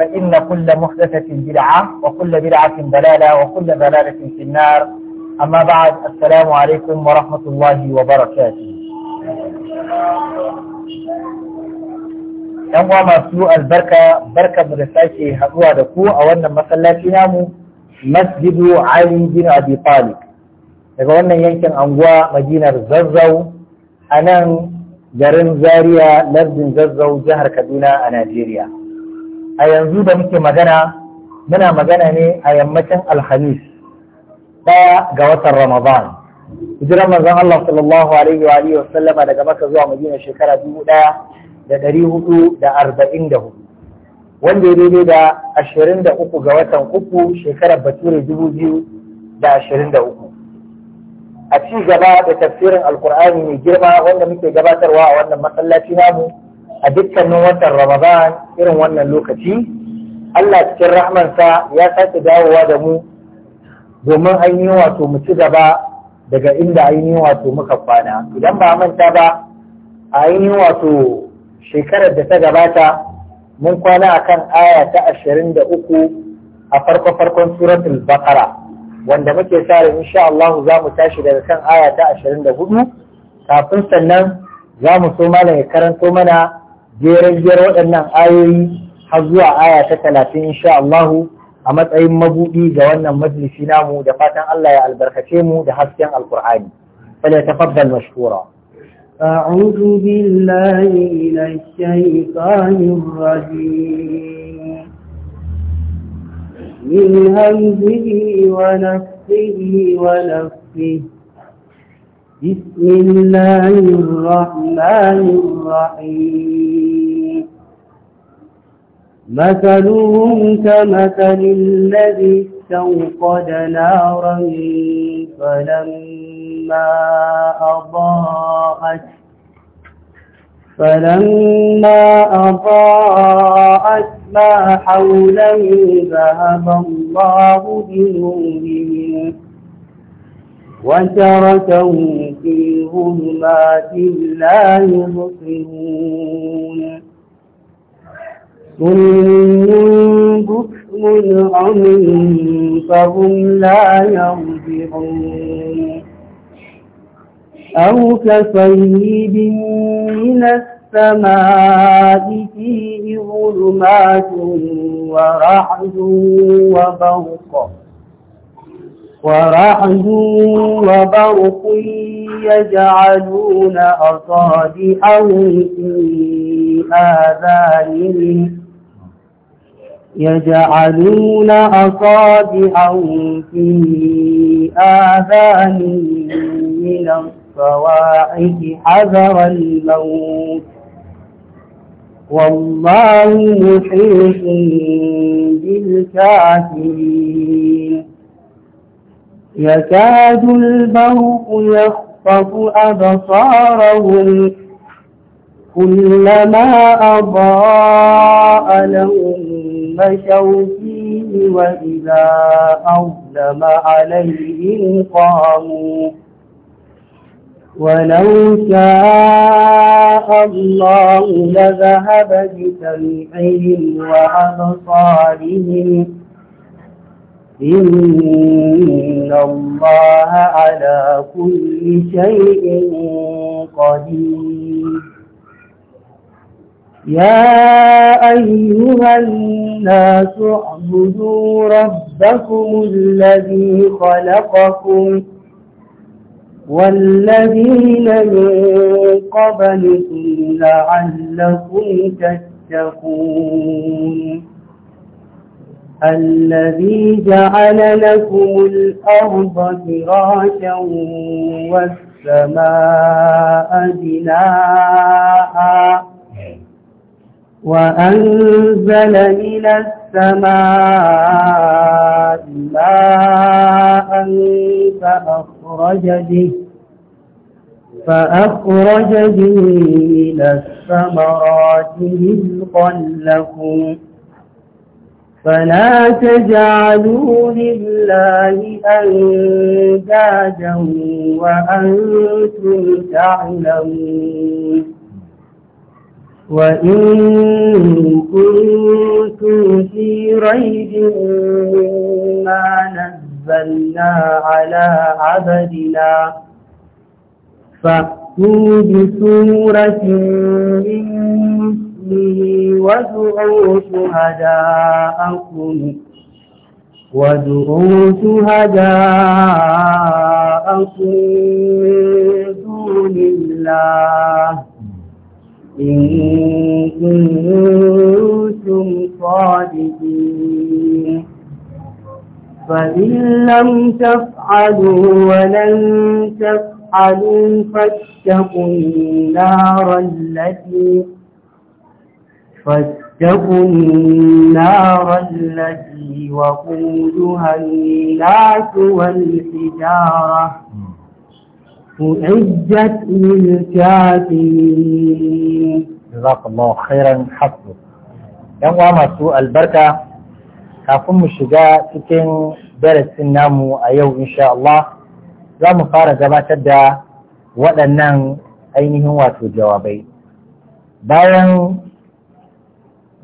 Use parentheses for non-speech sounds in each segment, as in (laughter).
فإن كل محدثة بدعة وكل بدعة ضلالة وكل ضلالة في النار أما بعد السلام عليكم ورحمة الله وبركاته ‘Yan uwa masu albarka, barka mu da sake haɗuwa da ku a wannan masallaci namu, Masjidu Ali bin Abi Talib, daga wannan yankin anguwa Madinar Zazzau, a nan garin Zaria, lardin Zazzau, jihar Kaduna a Najeriya. a yanzu da muke magana muna magana ne a yammacin alhamis ɗaya ga watan ramadan hijirar manzon Allah sallallahu alaihi wa alihi sallama daga Makka zuwa Madina shekara dubu ɗaya da ɗari hudu da arba'in da hudu wanda ya daidai da ashirin da uku ga watan uku shekarar bature dubu biyu da ashirin da uku a ci gaba da tafsirin alkur'ani mai girma wanda muke gabatarwa a wannan masallaci namu a dukkanin watan Ramadan irin wannan lokaci Allah cikin rahmansa ya sake dawowa da mu domin ainihin wato mu ci gaba daga inda ainihin wato muka kwana idan ba manta ba a ainihin wato shekarar da ta gabata mun kwana akan aya ta ashirin da uku a farko farkon suratul bakara, wanda muke sare insha Allah za mu tashi daga kan aya ta ashirin da hudu kafin sannan za mu so malam ya karanto mana jeren jiyar waɗannan ayoyi har zuwa aya ta talatin insha Allahu a matsayin mabuɗi ga wannan majalisi namu da fatan Allah ya albarkace mu da hasken alkur'ani fala tafaddal mashkura أعوذ بالله من الشيطان الرجيم من همزه ونفسه ونفسه بسم الله الرحمن الرحيم مثلهم كمثل الذي استوقد نارا فلما أضاءت فلما أضاءت ما حوله ذهب الله بنورهم وتركهم في ظلمات لا يبصرون ظلم بكم عمي فهم لا يرجعون أو كصيب من السماء فيه ظلمات ورعد وبرق ورعد وبرق يجعلون أصابعهم في آذانهم يجعلون أصابعهم في آذان من الصواعق حذر الموت والله محيط بالكافرين يكاد البرق يخطف أبصارهم كلما أضاء لهم مشوا فيه وإذا أظلم عليهم قاموا ولو شاء الله لذهب بسمعهم وأبصارهم إن الله على كل شيء قدير يا أيها الناس اعبدوا ربكم الذي خلقكم والذين من قبلكم لعلكم تتقون الذي جعل لكم الأرض فراشا والسماء بناءً وأنزل من السماء ماء فأخرج به فأخرج به من الثمرات رزقا لكم فلا تجعلوا لله أندادا وأنتم تعلمون وإن كنتم في ريب مما نزلنا على عبدنا فأتوا بسورة من مثله وادعوا شهداءكم وادعوا شهداءكم من دون الله إن كنتم صادقين فإن لم تفعلوا ولن تفعلوا فاتقوا النار التي فاتقوا النار التي وقودها الناس والحجارة أعدت للكافرين جزاك الله خيرا حفظه yan uwa masu albarka kafin mu shiga cikin darasin namu a yau insha Allah za mu fara gabatar da waɗannan ainihin wato jawabai bayan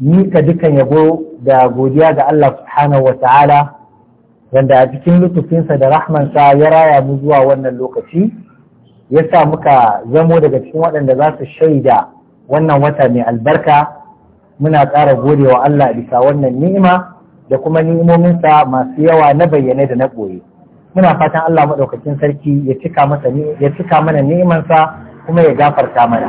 mika dukan yabo da godiya ga Allah subhanahu wa ta'ala wanda a cikin lutufinsa da rahmansa ya raya mu zuwa wannan lokaci ya sa muka zamo daga cikin waɗanda za su shaida wannan wata mai albarka muna ƙara godewa Allah bisa wannan ni'ima da kuma ni'imominsa masu yawa na bayyane da na ɓoye muna fatan Allah maɗaukacin sarki ya cika mana ni'imansa kuma ya gafarta mana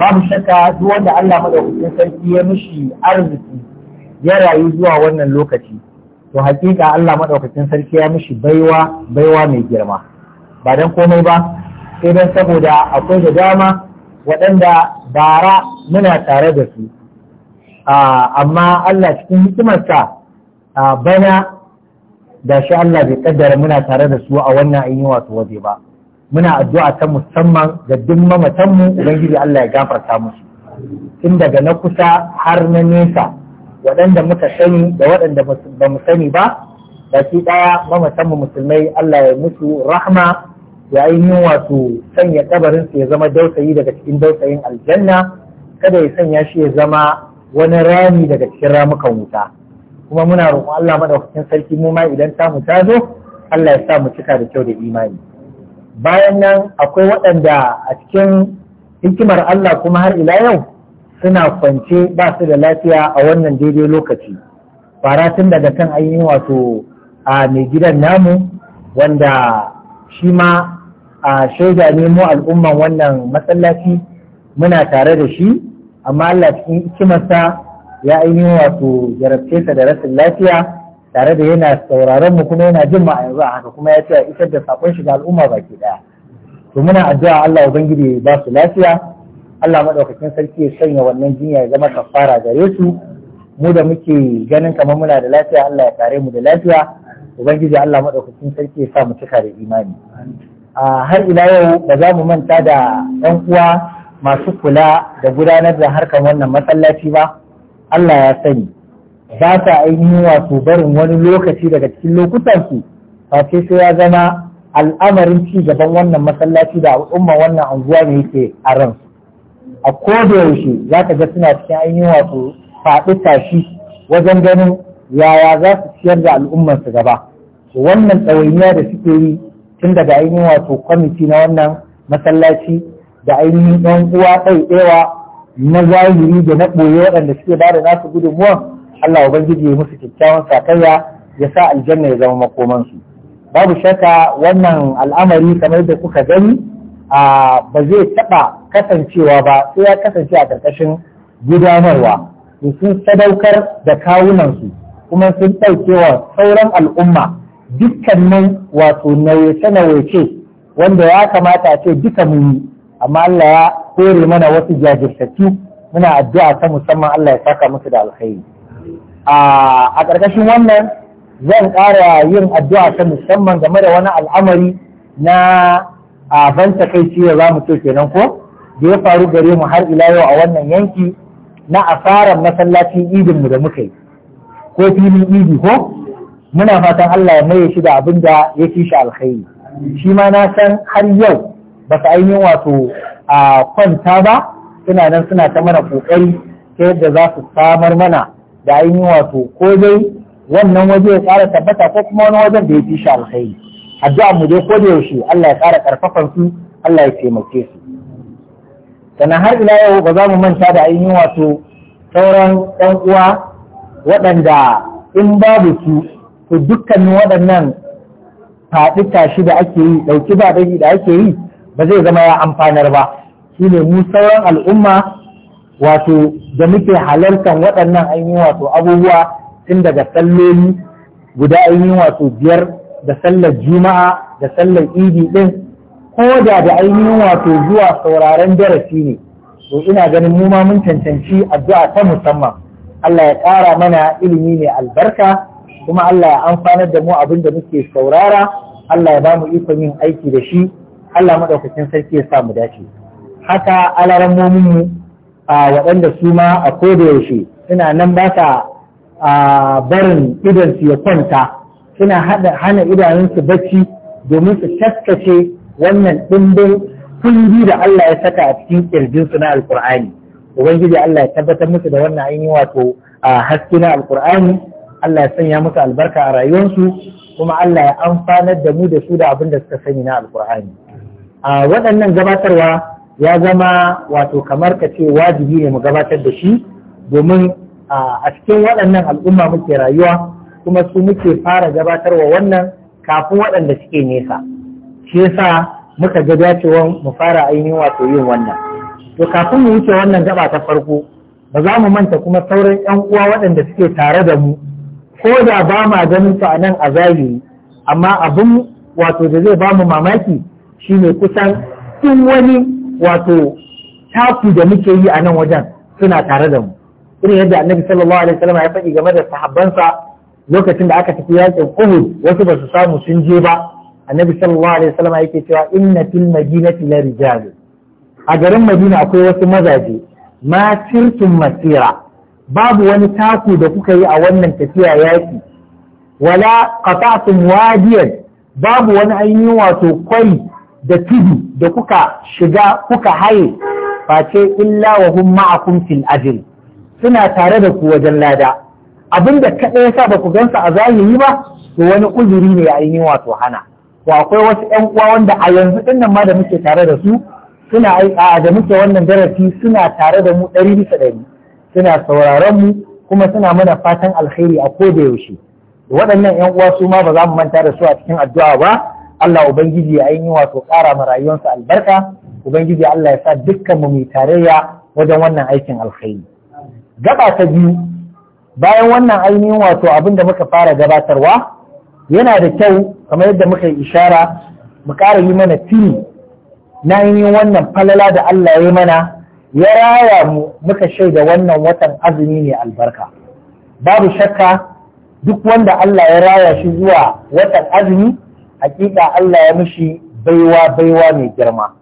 babu shakka duk wanda Allah maɗaukacin sarki ya mishi arziki ya rayu zuwa wannan lokaci to hakika Allah maɗaukacin sarki ya mishi baiwa baiwa mai girma ba dan komai ba sai don saboda akwai da dama waɗanda bara muna tare da su amma Allah cikin hikimarsa bana da shi Allah bai kaddara muna tare da su a wannan ainihin wasu waje ba muna addu'a ta musamman ga duk mamatanmu ubangiji Allah ya gafarta musu tun daga na kusa har na nesa waɗanda muka sani da waɗanda ba mu sani ba baki ɗaya mamatanmu musulmai Allah ya musu rahma ya ainihin wato sanya su ya zama dausayi daga cikin dausayin aljanna kada ya sanya shi ya zama wani rami daga cikin ramukan wuta kuma muna roƙon Allah madaukakin sarki mu ma idan ta mu ta zo Allah ya sa mu cika da kyau da imani bayan nan akwai waɗanda a cikin hikimar Allah kuma har ila yau suna kwance ba su da lafiya a wannan daidai lokaci fara tun daga kan ainihin wato a mai gidan namu wanda shi ma a shaida ne mu al'umman wannan masallaci muna tare da shi amma Allah cikin hikimarsa ya ainihin wato jarabce ta da rashin lafiya tare da yana sauraron mu kuma yana jin a yanzu haka kuma ya ce a isar da sakon shi ga al'umma baki daya to muna addu'a Allah ubangiji ya ba su lafiya Allah madaukakin sarki ya sanya wannan jinya ya zama kafara gare su mu da muke ganin kamar muna da lafiya Allah ya kare mu da lafiya ubangiji Allah madaukakin sarki ya sa mu cika da imani har ila yau ba za mu manta da ɗan uwa masu kula da gudanar da harkar wannan masallaci ba Allah ya sani ba ta ainihin wato barin wani lokaci daga cikin lokutan su face sai ya zama al'amarin ci gaban wannan masallaci da al'umma wannan anguwa ne yake a ran a da yaushe za ka ga suna cikin ainihin wato faɗi tashi wajen ganin yaya za su ciyar da al'ummarsu gaba wannan ɗawainiya da suke yi tun daga ainihin wato kwamiti na wannan masallaci da ainihin ɗan uwa ɗewa na zahiri da na ɓoye waɗanda suke ba da nasu gudunmuwan Allah Ubangiji ya musu kyakkyawan sakayya ya sa aljanna ya zama makomansu. Babu shakka wannan al'amari kamar da kuka gani ba zai taɓa kasancewa ba sai ya kasance a ƙarƙashin gudanarwa. Sun sadaukar da kawunansu kuma sun wa sauran al'umma dukkanin wato nauyace-nauyace wanda ya kamata ce duka mu yi amma Allah ya kore mana wasu jajirtattu muna addu'a ta musamman Allah ya saka musu da alkhairi a ƙarƙashin wannan zan ƙara yin addu'a ta musamman game da wani al'amari na a ban takaici da za mu ce kenan ko da ya faru gare mu har ila yau a wannan yanki na asarar masallacin idinmu da muka yi ko filin idi ko muna fatan Allah ya maye shi da abin da ya fi shi alkhairi shi ma na san har yau ba su ainihin wato a kwanta ba suna nan suna ta mana kokari ta yadda za su samar mana da ainihin wato ko dai wannan waje ya tsara tabbata ko kuma wani wajen da ya fi shi alkhairi addu'a mu dai ko da yaushe Allah ya ƙara karfafan su Allah ya taimake su sannan har ila yau ba za mu manta da ainihin wato sauran ɗan uwa waɗanda in babu su to dukkanin waɗannan faɗi tashi da ake yi ɗauki ba da ake yi ba zai zama ya amfanar ba shi ne mu sauran al'umma wato da muke halartar waɗannan ainihin wato abubuwa tun daga salloli guda ainihin wato biyar da sallar juma'a da sallar idi ɗin ko da da ainihin wato zuwa sauraren darasi ne to ina ganin mu ma mun cancanci addu'a ta musamman Allah ya ƙara mana ilimi mai albarka kuma Allah ya amfanar da mu abin da muke saurara Allah ya bamu ikon yin aiki da shi Allah madaukakin sarki ya sa mu dace haka alaran mu a waɗanda su ma a koda yaushe suna nan ba ta barin idan su ya kwanta suna hana idanunsu bacci domin su taskace wannan ɗimbin kundi da Allah ya saka a cikin ƙirjinsu na alkur'ani ubangiji Allah ya tabbatar musu da wannan ainihin wato haske na alkur'ani Allah ya sanya musu albarka a rayuwarsu kuma Allah ya amfanar da mu da su da abin da suka sani na alkur'ani a waɗannan gabatarwa ya zama wato kamar ka ce wajibi ne mu gabatar da shi domin a cikin waɗannan al'umma muke rayuwa kuma su muke fara gabatarwa wannan kafin waɗanda suke nesa shi yasa muka ga dacewan mu fara ainihin wato yin wannan to kafin mu wuce wannan gaba ta farko ba za mu manta kuma sauran 'yan uwa waɗanda suke tare da mu ko da ba ma ganin su a nan a zahiri amma abin wato da zai ba mu mamaki shine kusan tun wani wato taku da muke yi a nan wajen suna tare da mu irin yadda annabi sallallahu alaihi wasallam ya faɗi game da sahabbansa lokacin da aka tafi yakin Uhud wasu ba su samu sun je ba annabi sallallahu alaihi wasallam yake cewa inna fil madinati la rijal a garin Madina akwai wasu mazaje ma sirtum masira babu wani taku da kuka yi a wannan tafiya yaki wala qata'tum wadiyan babu wani ainihin wato kwari da tudu da kuka shiga kuka haye face illa wa hum ma'akum fil ajr suna tare da ku wajen lada abinda kaɗai yasa ba ku gansa a zahiri ba to wani uzuri ne a ainihin wato hana to akwai wasu ƴan uwa wanda a yanzu din nan ma da muke tare da su suna a da muke wannan darasi suna tare da mu ɗari bisa ɗari suna sauraron mu kuma suna mana fatan alkhairi a koda yaushe waɗannan ƴan uwa su ma ba za mu manta da su a cikin addu'a ba Allah ubangiji ya yi wato ƙara ma rayuwarsa albarka ubangiji Allah ya sa dukkan mu mai tarayya wajen wannan aikin alkhairi gaba ta biyu bayan wannan ainihin wato abin da muka fara gabatarwa yana da kyau kamar yadda muka yi ishara mu ƙara yi mana tuni na ainihin wannan falala da Allah ya yi mana ya raya mu muka shaida wannan watan azumi ne albarka babu shakka duk wanda Allah ya raya shi zuwa watan azumi hakika Allah ya mishi baiwa baiwa mai girma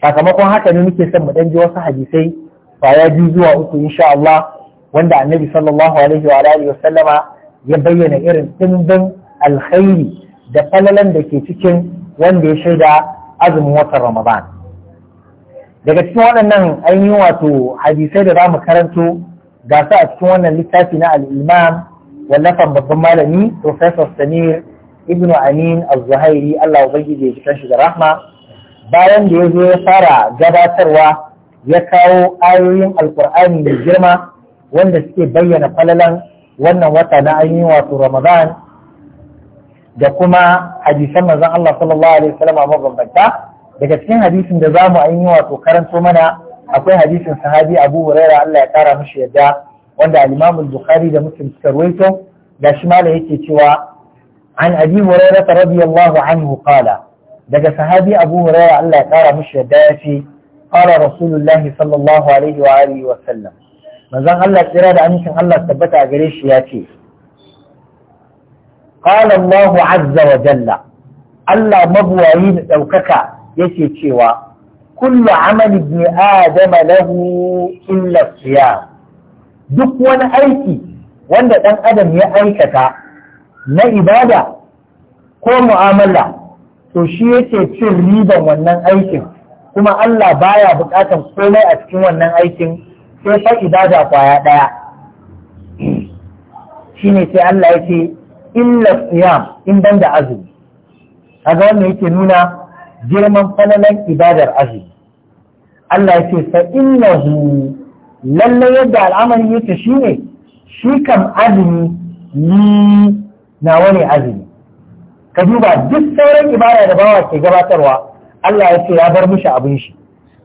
sakamakon haka ne muke son mu dan ji wasu hadisai kwaya biyu zuwa uku insha Allah wanda annabi sallallahu alaihi wa alihi wasallama ya bayyana irin dimbin alkhairi da falalan da ke cikin wanda ya shaida azumin watan Ramadan daga cikin waɗannan ainihin wato hadisai da za mu karanto ga su a cikin wannan littafi na al'imam wallafan babban malami professor samir ibn amin al-zuhairi allah ubangiji ya shi da rahma bayan da ya zo ya fara gabatarwa ya kawo ayoyin alkur'ani mai girma wanda suke bayyana falalan wannan wata na ainihin wato ramadan da kuma hadisan manzon allah sallallahu alaihi wasallam mabambanta daga cikin hadisin da za mu yi wato karanto mana akwai hadisin sahabi Abu Huraira Allah ya kara mishi yadda wanda al-Imam al-Bukhari da Muslim suka rawaito shi mala yake cewa an Abi Huraira radiyallahu anhu qala daga sahabi Abu Huraira Allah ya kara mishi yadda yace qala Rasulullahi sallallahu alaihi wa alihi wa sallam manzon Allah tsira da amincin Allah tabbata a gare shi yace qala Allahu azza wa jalla Allah mabuwayi da ɗaukaka yake cewa kullu amali ibn adam lahu illa siyam duk wani aiki wanda dan adam ya aikata na ibada ko mu'amala to shi yake cin riban wannan aikin kuma Allah baya bukatar komai a cikin wannan aikin sai fa ibada kwaya daya (clears throat) shine sai Allah yake illa siyam in banda azumi kaga wannan yake nuna girman falalan ibadar azumi Allah ya ce fa innahu lalle yadda al'amari yake shine shi kam azumi ni nawa ne azumi ka duba duk sauran ibada da bawa ke gabatarwa Allah ya ce ya bar mishi abin shi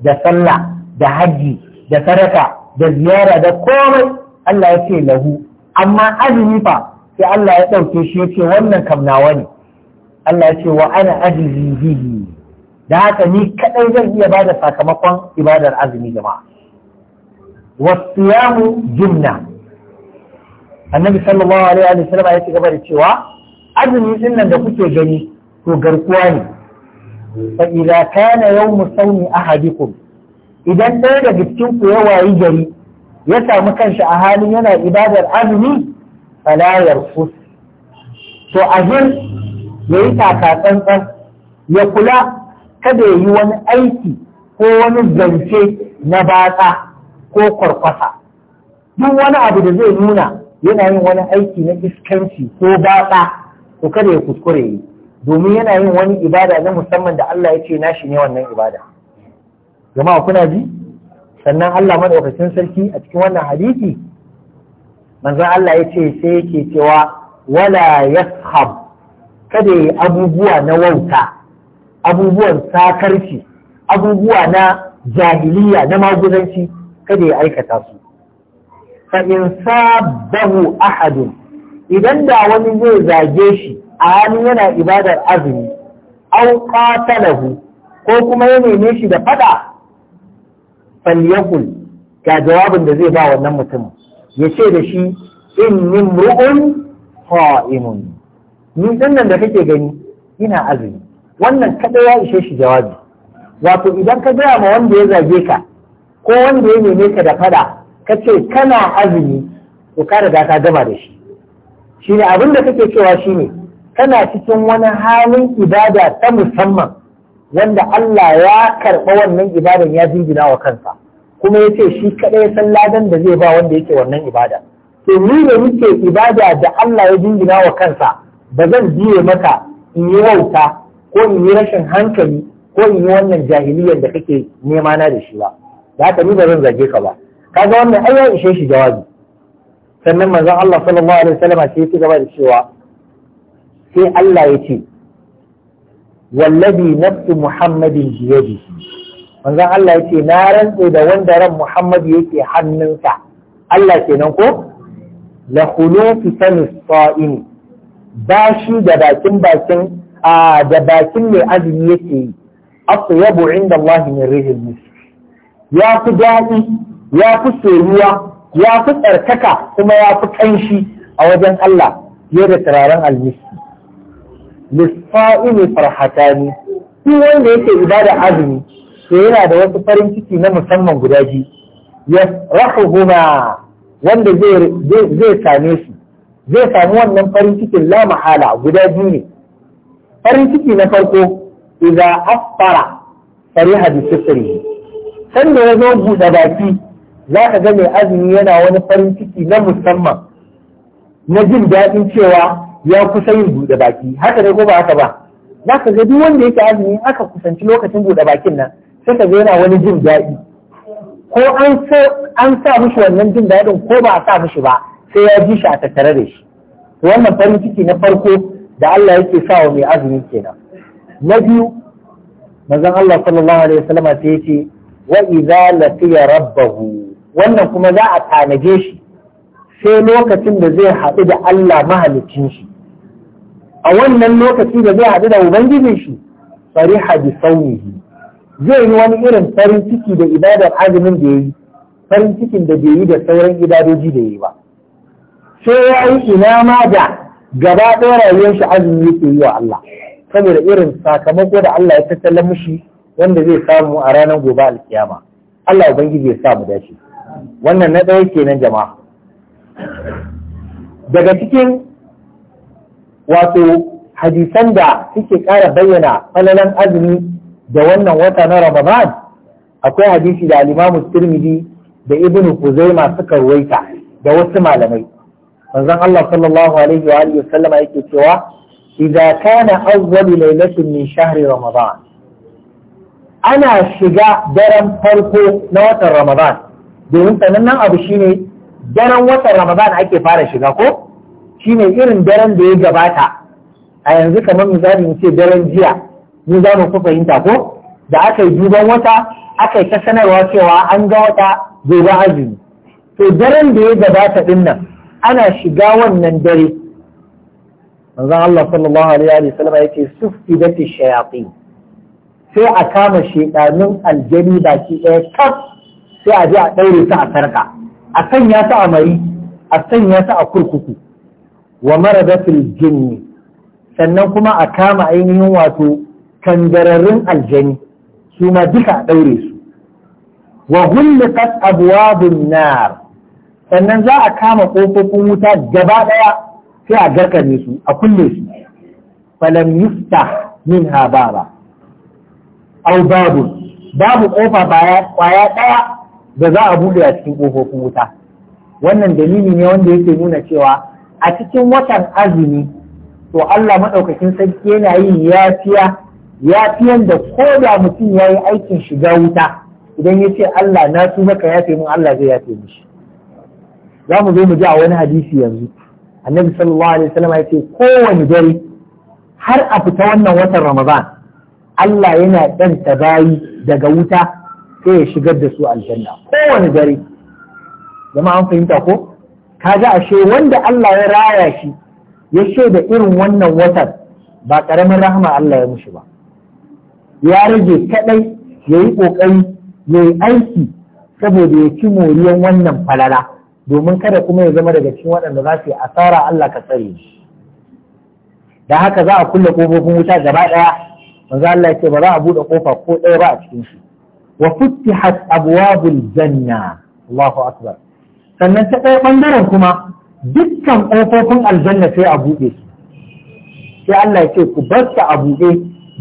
da sallah da hajji da sadaka da ziyara da komai Allah ya ce lahu amma azumi fa sai Allah ya ɗauke shi ya ce wannan kam nawa ne Allah ya ce wa ana azumi bihi da haka ni kadai zan iya ba da sakamakon ibadar azumi jama'a wasiyamu jumna annabi sallallahu alaihi wa sallam ya ci gaba da cewa azumi din nan da kuke gani to garkuwa ne fa idza kana yawmu sawmi ahadikum idan ɗaya daga cikin ku ya wayi gari ya samu kanshi a halin yana ibadar azumi fala yarfus to azir yayi taka tsantsan ya kula kada ya yi wani aiki ko wani zance na batsa ko kwarkwasa duk wani abu da zai nuna yana yin wani aiki na iskanci ko batsa ko kada ya kuskure yi domin yana yin wani ibada na musamman da Allah ya ce nashi ne wannan ibada jama'a kuna ji sannan Allah madaukakin sarki a cikin wannan hadisi manzon Allah ya ce sai yake cewa wala yashab kada yi abubuwa na wauta abubuwan sakarci abubuwa na jahiliya na magudanci kada ya aikata su fa in sabahu ahadun idan da wani zai zage shi a halin yana ibadar azumi au qatalahu ko kuma ya neme shi da fada falyakul ga jawabin da zai ba wannan mutum ya ce da shi in nimru'un fa'imun ni dinnan da kake gani ina azumi wannan kaɗai ya ishe shi jawabi wato idan ka gaya ma wanda ya zage ka ko wanda ya neme ka da fada ka ce kana azumi to ka riga ka gama da shi shine abin da kake cewa shine kana cikin wani halin ibada ta musamman wanda Allah ya karɓa wannan ibadan ya jingina wa kansa kuma ya ce shi kaɗai san ladan da zai ba wanda yake wannan ibada to ni da muke ibada da Allah ya jingina wa kansa ba zan biye maka in yi wauta ko in yi rashin hankali ko in yi wannan jahiliyar da kake nema na da shi ba da haka ni ba zan zage ka ba kaga wannan ai ya ishe shi jawabi sannan manzon Allah sallallahu alaihi wasallam sai ya ci gaba da cewa sai Allah ya ce wallabi nafsu muhammadin biyadi manzon Allah ya ce na rantse da wanda ran Muhammad yake hannunsa Allah kenan ko la khulufi sanis bashi da bakin bakin a da bakin mai azumi yake yi atyabu inda Allah ne rihin musu ya fi daɗi ya fi soyuwa ya fi tsarkaka kuma ya fi kanshi a wajen Allah fiye da turaren ne. farhata ne shi wanda yake ibada azumi to yana da wasu farin ciki na musamman guda biyu ya rahuhuma wanda zai same su zai samu wannan farin cikin la mahala guda biyu ne farin ciki na farko idza afara fariha bi sifrihi sanda ya zo buɗe baki za ka ga mai azumi yana wani farin ciki na musamman na jin daɗin cewa ya kusa yin buɗe baki haka ne ko ba haka ba za ka ga duk wanda yake azumi aka kusanci lokacin buɗe bakin nan sai ka ga yana wani jin daɗi ko an an sa mishi wannan jin daɗin ko ba a sa mishi ba sai ya ji shi a tattare da shi wannan farin ciki na farko da Allah yake sa wa mai azumi kenan na biyu manzon Allah sallallahu alaihi wasallam sai yace wa idza laqiya rabbahu wannan kuma za a tanaje shi sai lokacin da zai haɗu da Allah mahalicin shi a wannan lokaci da zai haɗu da ubangijin shi fariha bi saunihi zai yi wani irin farin ciki da ibadar azumin da yayi farin cikin da bai yi da sauran ibadoji da yayi ba sai ya yi ina ma da gaba ɗaya rayuwar shi azumi yake yi wa Allah saboda irin sakamako da Allah ya tattala mushi wanda zai samu a ranar gobe alkiyama Allah ubangiji ya sa mu dace wannan na ɗaya kenan jama'a daga cikin wato hadisan da suke ƙara bayyana falalan azumi da wannan wata na Ramadan akwai hadisi da alimamu imam Tirmidhi da Ibn Kuzai suka ruwaita da wasu malamai manzon Allah sallallahu alaihi wa alihi sallama yake cewa idza kana awwal laylatin min shahri ramadan ana shiga daren farko na watan ramadan domin sanannen abu shine daren watan ramadan ake fara shiga ko shine irin daren da ya gabata a yanzu kamar misali mu ce daren jiya mu za mu fahimta ko da aka yi duban wata aka yi ta sanarwa cewa an ga wata gobe azumi to daren da ya gabata din nan ana shiga wannan dare manzon Allah sallallahu alaihi wa sallam yake sufidati shayatin sai a kama shedanun aljani baki ɗaya kaf sai a je a ɗaure su a sarka a sanya ta a mari a sanya ta a kurkuku wa maradatul jinni sannan kuma a kama ainihin wato kangararrun aljani su ma duka a ɗaure su wa hulqat abwabun nar sannan za a kama ƙofofin wuta gaba ɗaya sai a garkare su a kulle su falam yufta min ha baba au babu babu ƙofa kwaya ɗaya da za a buɗe a cikin ƙofofin wuta wannan dalili ne wanda yake nuna cewa a cikin watan azumi to Allah maɗaukakin sarki yana yin yafiya yafiyan da ko da mutum ya yi aikin shiga wuta idan ya ce Allah na tuba ka yafe mun Allah zai yafe mishi za mu zo mu ji a wani hadisi yanzu annabi sallallahu alaihi wasallam ya ce kowane dare har a fita wannan watan ramadan Allah yana ɗanta bayi daga wuta sai ya shigar da su aljanna kowane dare zama an fahimta ko kaga ashe wanda Allah ya raya shi ya shaida irin wannan watan ba ƙaramin rahama Allah ya mushi ba ya rage kaɗai ya yi ƙoƙari ya yi aiki saboda ya ci moriyan wannan falala domin kada kuma ya zama daga cikin waɗanda za su yi asara Allah ka tsare shi da haka za a kulle kofofin wuta gaba ɗaya manzo Allah ce ba za a buɗe kofa ko ɗaya ba a cikin shi wa futtihat abwabul janna Allahu akbar sannan ta ɗaya ɓangaren kuma dukkan kofofin aljanna sai a buɗe su sai Allah ya ce ku bar a buɗe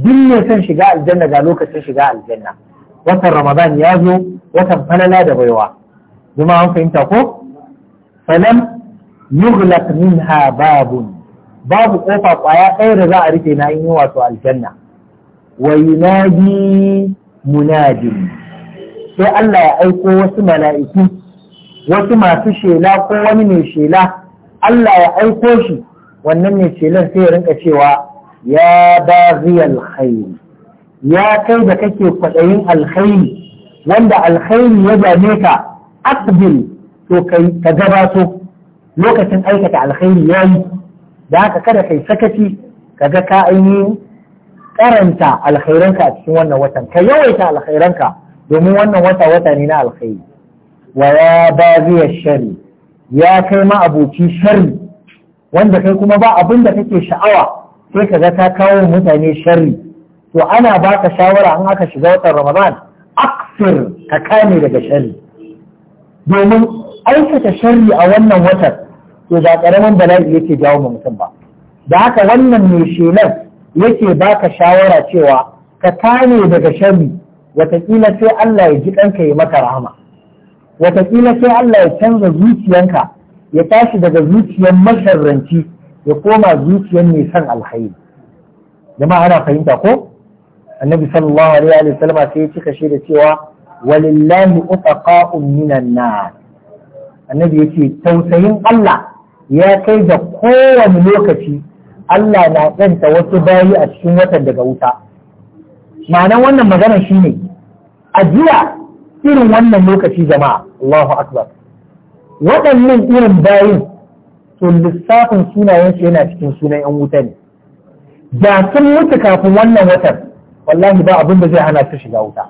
duk mai son shiga aljanna ga lokacin shiga aljanna watan Ramadan ya zo watan falala da baiwa Zuma an fahimta ko Salam! yughlaq minha babun babu ƙofa kwaya ɗaya da za a rufe na yin wato aljanna wa yunadi sai Allah ya aiko wasu mala'iku wasu masu shela ko wani mai shela Allah ya aiko shi wannan mai shelar sai ya rinka cewa ya baghiyal alkhairi. ya kai da kake kwaɗayin alkhairi wanda alkhairi ya dame ka aqbil to kai ka gabato lokacin aikata alkhairi yi da haka kada kai sakaci ga ka yi karanta alkhairanka a cikin wannan watan ka yawaita alkhairanka domin wannan wata wata ne na alkhairi wa ya baziya shari ya kai ma aboki shari wanda kai kuma ba abin da kake sha'awa sai ka ga ta kawo mutane shari to ana baka shawara in aka shiga watan ramadan aksir ka kame daga shari domin aikata sharri a wannan watan to ba karamin bala'i yake jawo ma mutum ba da haka wannan mai shelar yake baka shawara cewa ka kame daga sharri watakila sai Allah ya ji ɗanka ya maka rahama watakila sai Allah ya canza zuciyanka ya tashi daga zuciyar masharranci ya koma zuciyar mai son alkhairi jama'a ana fahimta ko annabi sallallahu alaihi wa sallam sai ya cika kashe da cewa walillahi utaqa'un minan nar annabi yace tausayin Allah ya kai da kowane lokaci Allah na tsanta wasu bayi a cikin watan daga wuta ma'anan wannan magana shine a jiya irin wannan lokaci jama'a Allahu akbar waɗannan irin bayin to lissafin sunayensu yana cikin sunan yan wuta ne da sun mutu kafin wannan watan wallahi ba abin da zai hana su shiga wuta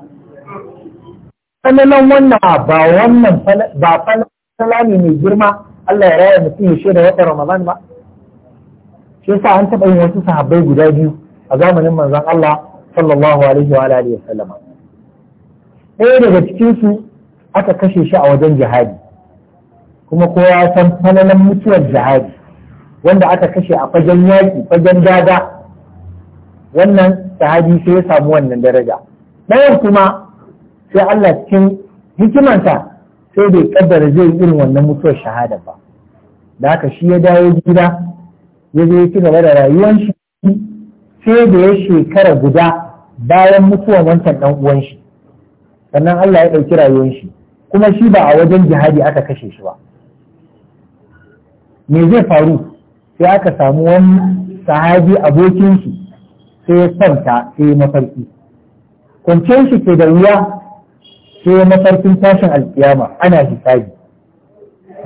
tsananan wannan ba wannan ba ne mai girma Allah ya raya mutum ya shaida watan Ramadan ba shi yasa an taɓa yin wasu sahabbai guda biyu a zamanin manzon Allah sallallahu alaihi wa alihi wa sallama ɗaya daga cikin su aka kashe shi a wajen jihadi kuma kowa ya san falalan mutuwar jihadi wanda aka kashe a fagen yaƙi fagen dada wannan sahabi sai ya samu wannan daraja ɗayan kuma sai Allah cikin hikimanta sai bai kaddara zai irin wannan mutuwar shahada ba da haka shi ya dawo gida ya zo ci gaba da rayuwar shi sai da ya shekara guda bayan mutuwar wancan dan uwan shi sannan Allah ya ɗauki rayuwar shi kuma shi ba a wajen jihadi aka kashe shi ba me zai faru sai aka samu wani sahabi abokin shi sai ya santa sai ya mafarki kwanciyar shi ke da wuya sai mafarkin tashin alkiyama ana hisabi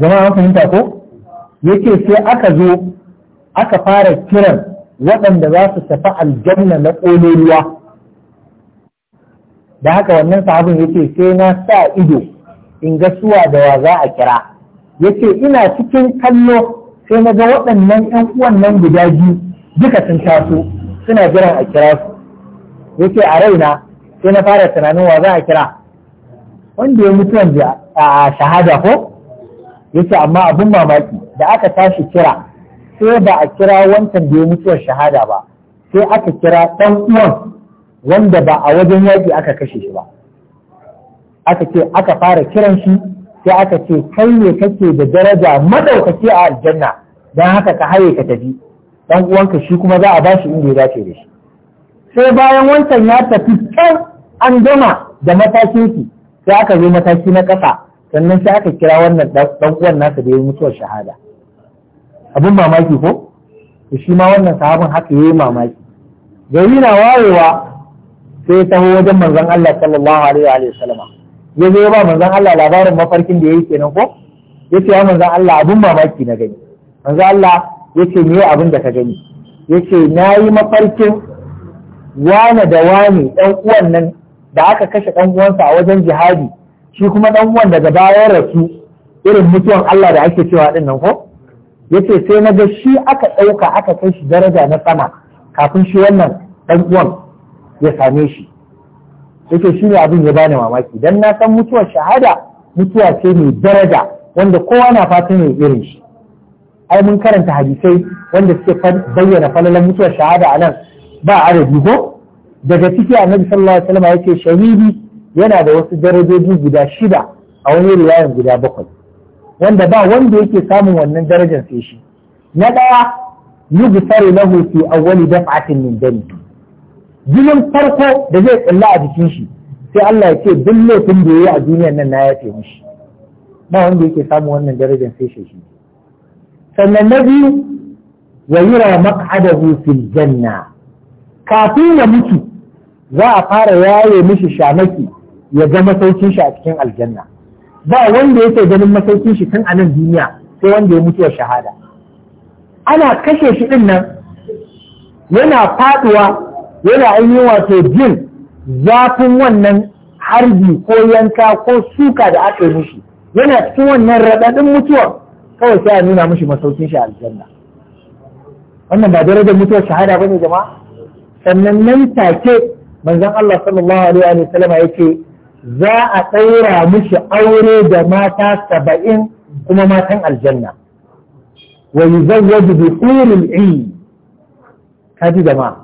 zama an fahimta ko yake sai aka zo aka fara kiran waɗanda za su tafi aljanna na ƙololuwa da haka wannan sahabin yake sai na sa ido in ga suwa da wa za a kira yace ina cikin kallo sai na ga waɗannan 'yan uwannan guda biyu duka sun taso suna jiran a kira su yace a raina sai na fara tunanin wa za a kira wanda ya mutuwan a shahada ko yace amma abin mamaki da aka tashi kira sai ba a kira wancan da ya mutuwar shahada ba sai aka kira ɗan uwan wanda ba a wajen yaƙi aka kashe shi ba aka ce aka fara kiran shi sai aka ce kai ne kake da daraja madaukaki a aljanna don haka ka haye ka tafi ɗan uwanka shi kuma za a ba shi inda ya dace da shi sai bayan wancan ya tafi can an gama da matakin sai aka zo mataki na ƙasa sannan sai aka kira wannan ɗan uwan nasa da ya yi mutuwar shahada abin mamaki ko to shi ma wannan sahabin haka yayi mamaki gari na wayewa sai ya taho wajen manzon Allah sallallahu alaihi wa sallam ya zo ba manzon Allah labarin mafarkin da yayi kenan ko yace ya manzon Allah abin mamaki na gani manzon Allah yace me abin da ka gani yace nayi mafarkin wane da wane ɗan uwan nan da aka kashe ɗan uwansa a wajen jihadi shi kuma ɗan uwan daga bayan rasu irin mutuwan Allah da ake cewa ɗin nan ko yace sai na ga shi aka ɗauka aka kai shi daraja na sama kafin shi wannan ɗan uwan ya same shi yace shi ne abin ya bani mamaki dan na san mutuwar shahada mutuwa ce mai daraja wanda kowa na fatan ya irin shi ai mun karanta hadisai wanda suke bayyana falalan mutuwar shahada a nan ba arabi ko daga ciki annabi sallallahu alaihi wasallam yake shahidi yana da wasu darajoji guda shida a wani riwayan guda bakwai wanda ba wanda yake samun wannan darajar sai shi na daya yugfaru lahu fi awwali daf'atin min dami jinin farko da zai tsalla a jikin shi sai Allah ya ce duk laifin da yayi a duniyar nan na yafe mishi ba wanda yake samun wannan darajar sai shi sannan na biyu wa yura maq'adahu fil janna kafin ya mutu za a fara yaye mishi shamaki ya ga masaukin shi a cikin aljanna ba wanda yake ganin masaukin shi tun a nan duniya sai wanda ya mutuwa shahada ana kashe shi din nan yana faduwa yana ainihin wato jin zafin wannan harbi ko yanka ko suka da aka yi mishi yana cikin wannan raɗaɗin mutuwar kawai sai a nuna mishi masaukin shi a aljanna wannan ba darajar mutuwar shahada ba ne jama'a sannan nan take manzon Allah sallallahu alaihi wa yake za a tsaira mishi aure da mata saba'in kuma matan aljanna wa yuzawwaju bi huril ayn kaji jama'a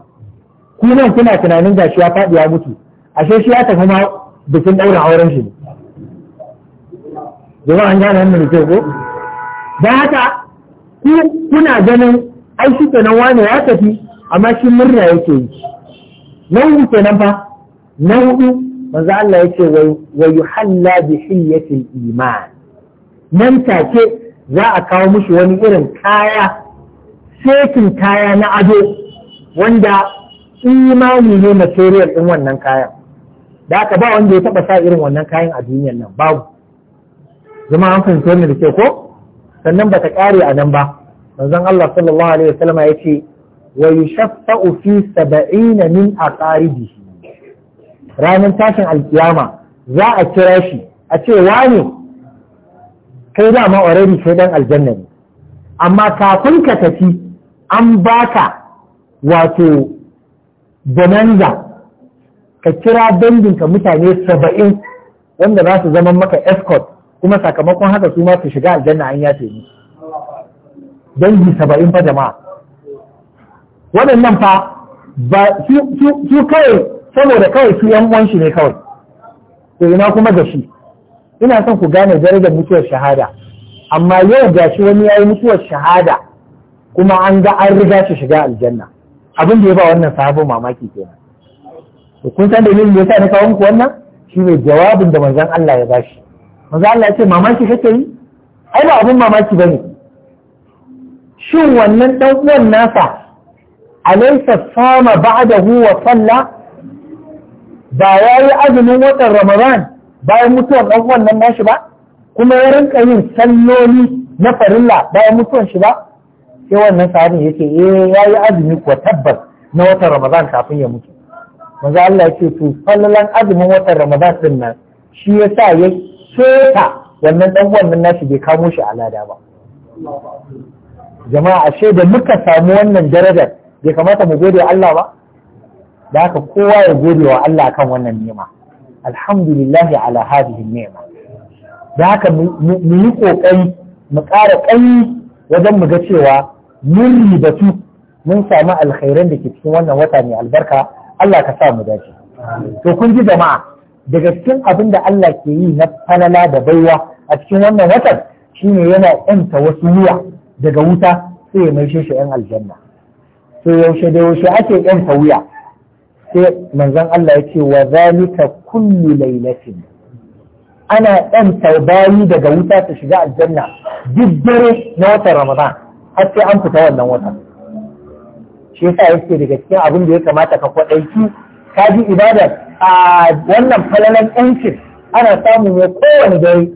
kunan kuna tunanin gashi ya faɗi ya mutu ashe shi ya tafi ma bikin ɗaurin auren shi jama'a an gane wannan da ko da haka kuna ganin ai shi kenan wani ya tafi amma shi murna yake yi na hudu kenan fa na hudu manzo Allah yace wa yuhalla bi hilyatil iman nan take za a kawo mushi wani irin kaya shekin kaya na ado wanda imani ne material din wannan kayan da aka ba wanda ya taba sa irin wannan kayan a duniyar nan babu zama an fahimci wannan da ke ko sannan bata kare a nan ba manzon Allah sallallahu alaihi wasallama yace Wai yushaffa'u fi saba'ina min aqaribihi ranar tashin alkiyama za a kira shi a ce wane kai dama already kai dan aljanna ne amma kafin ka tafi an baka wato bonanza ka kira danginka mutane saba'in wanda za su zama maka escort kuma sakamakon haka su ka shiga aljanna an yace ni dangi saba'in fa jama'a waɗannan fa ba su kawai saboda kawai su yan uwan shi ne kawai to ina kuma ga shi ina son ku gane darajar mutuwar shahada amma yau ga shi wani yayi mutuwar shahada kuma an ga an riga shi shiga aljanna abin da ya ba wannan sahabin mamaki kenan to kun san dalilin da yasa na kawo muku wannan shine jawabin da manzon Allah ya bashi manzon Allah ya ce mamaki kake yi ai ba abin mamaki bane shin wannan dan uwan nasa alaisa sama ba'dahu wa falla ba yayi azumin watan ramadan bayan mutuwan ɗan wannan nashi ba kuma ya rinka yin salloli na farilla bayan mutuwan shi ba sai wannan sahabin yake eh yayi azumi ko tabbas na watan ramadan kafin ya mutu manzo Allah ce to fallalan azumin watan ramadan din nan shi yasa ya sheta wannan ɗan wannan nashi bai kamo shi alada ba jama'a ashe da muka samu wannan darajar bai kamata mu gode wa Allah ba da haka kowa ya gode wa Allah kan wannan ni'ima alhamdulillahi ala hadhihi ni'ima da haka mu yi kokari mu ƙara ƙani wajen mu ga cewa mun ribatu mun samu alkhairan da ke cikin wannan wata mai albarka Allah ka sa mu dace to kun ji jama'a daga cikin abin da Allah ke yi na falala da baiwa a cikin wannan watan shine yana ƴanta wasu wuya daga wuta sai ya maishe shi yan aljanna yaushe da yaushe ake yanka wuya sai manzon Allah ya ce wa zalika kullu lailatin ana ɗan taubayi daga wuta ta shiga aljanna duk dare na watan ramadan har sai an fita wannan watan shi yasa yake daga cikin abin da ya kamata ka kwaɗaiki ka ji ibada a wannan falalan yancin ana samu ne kowane dare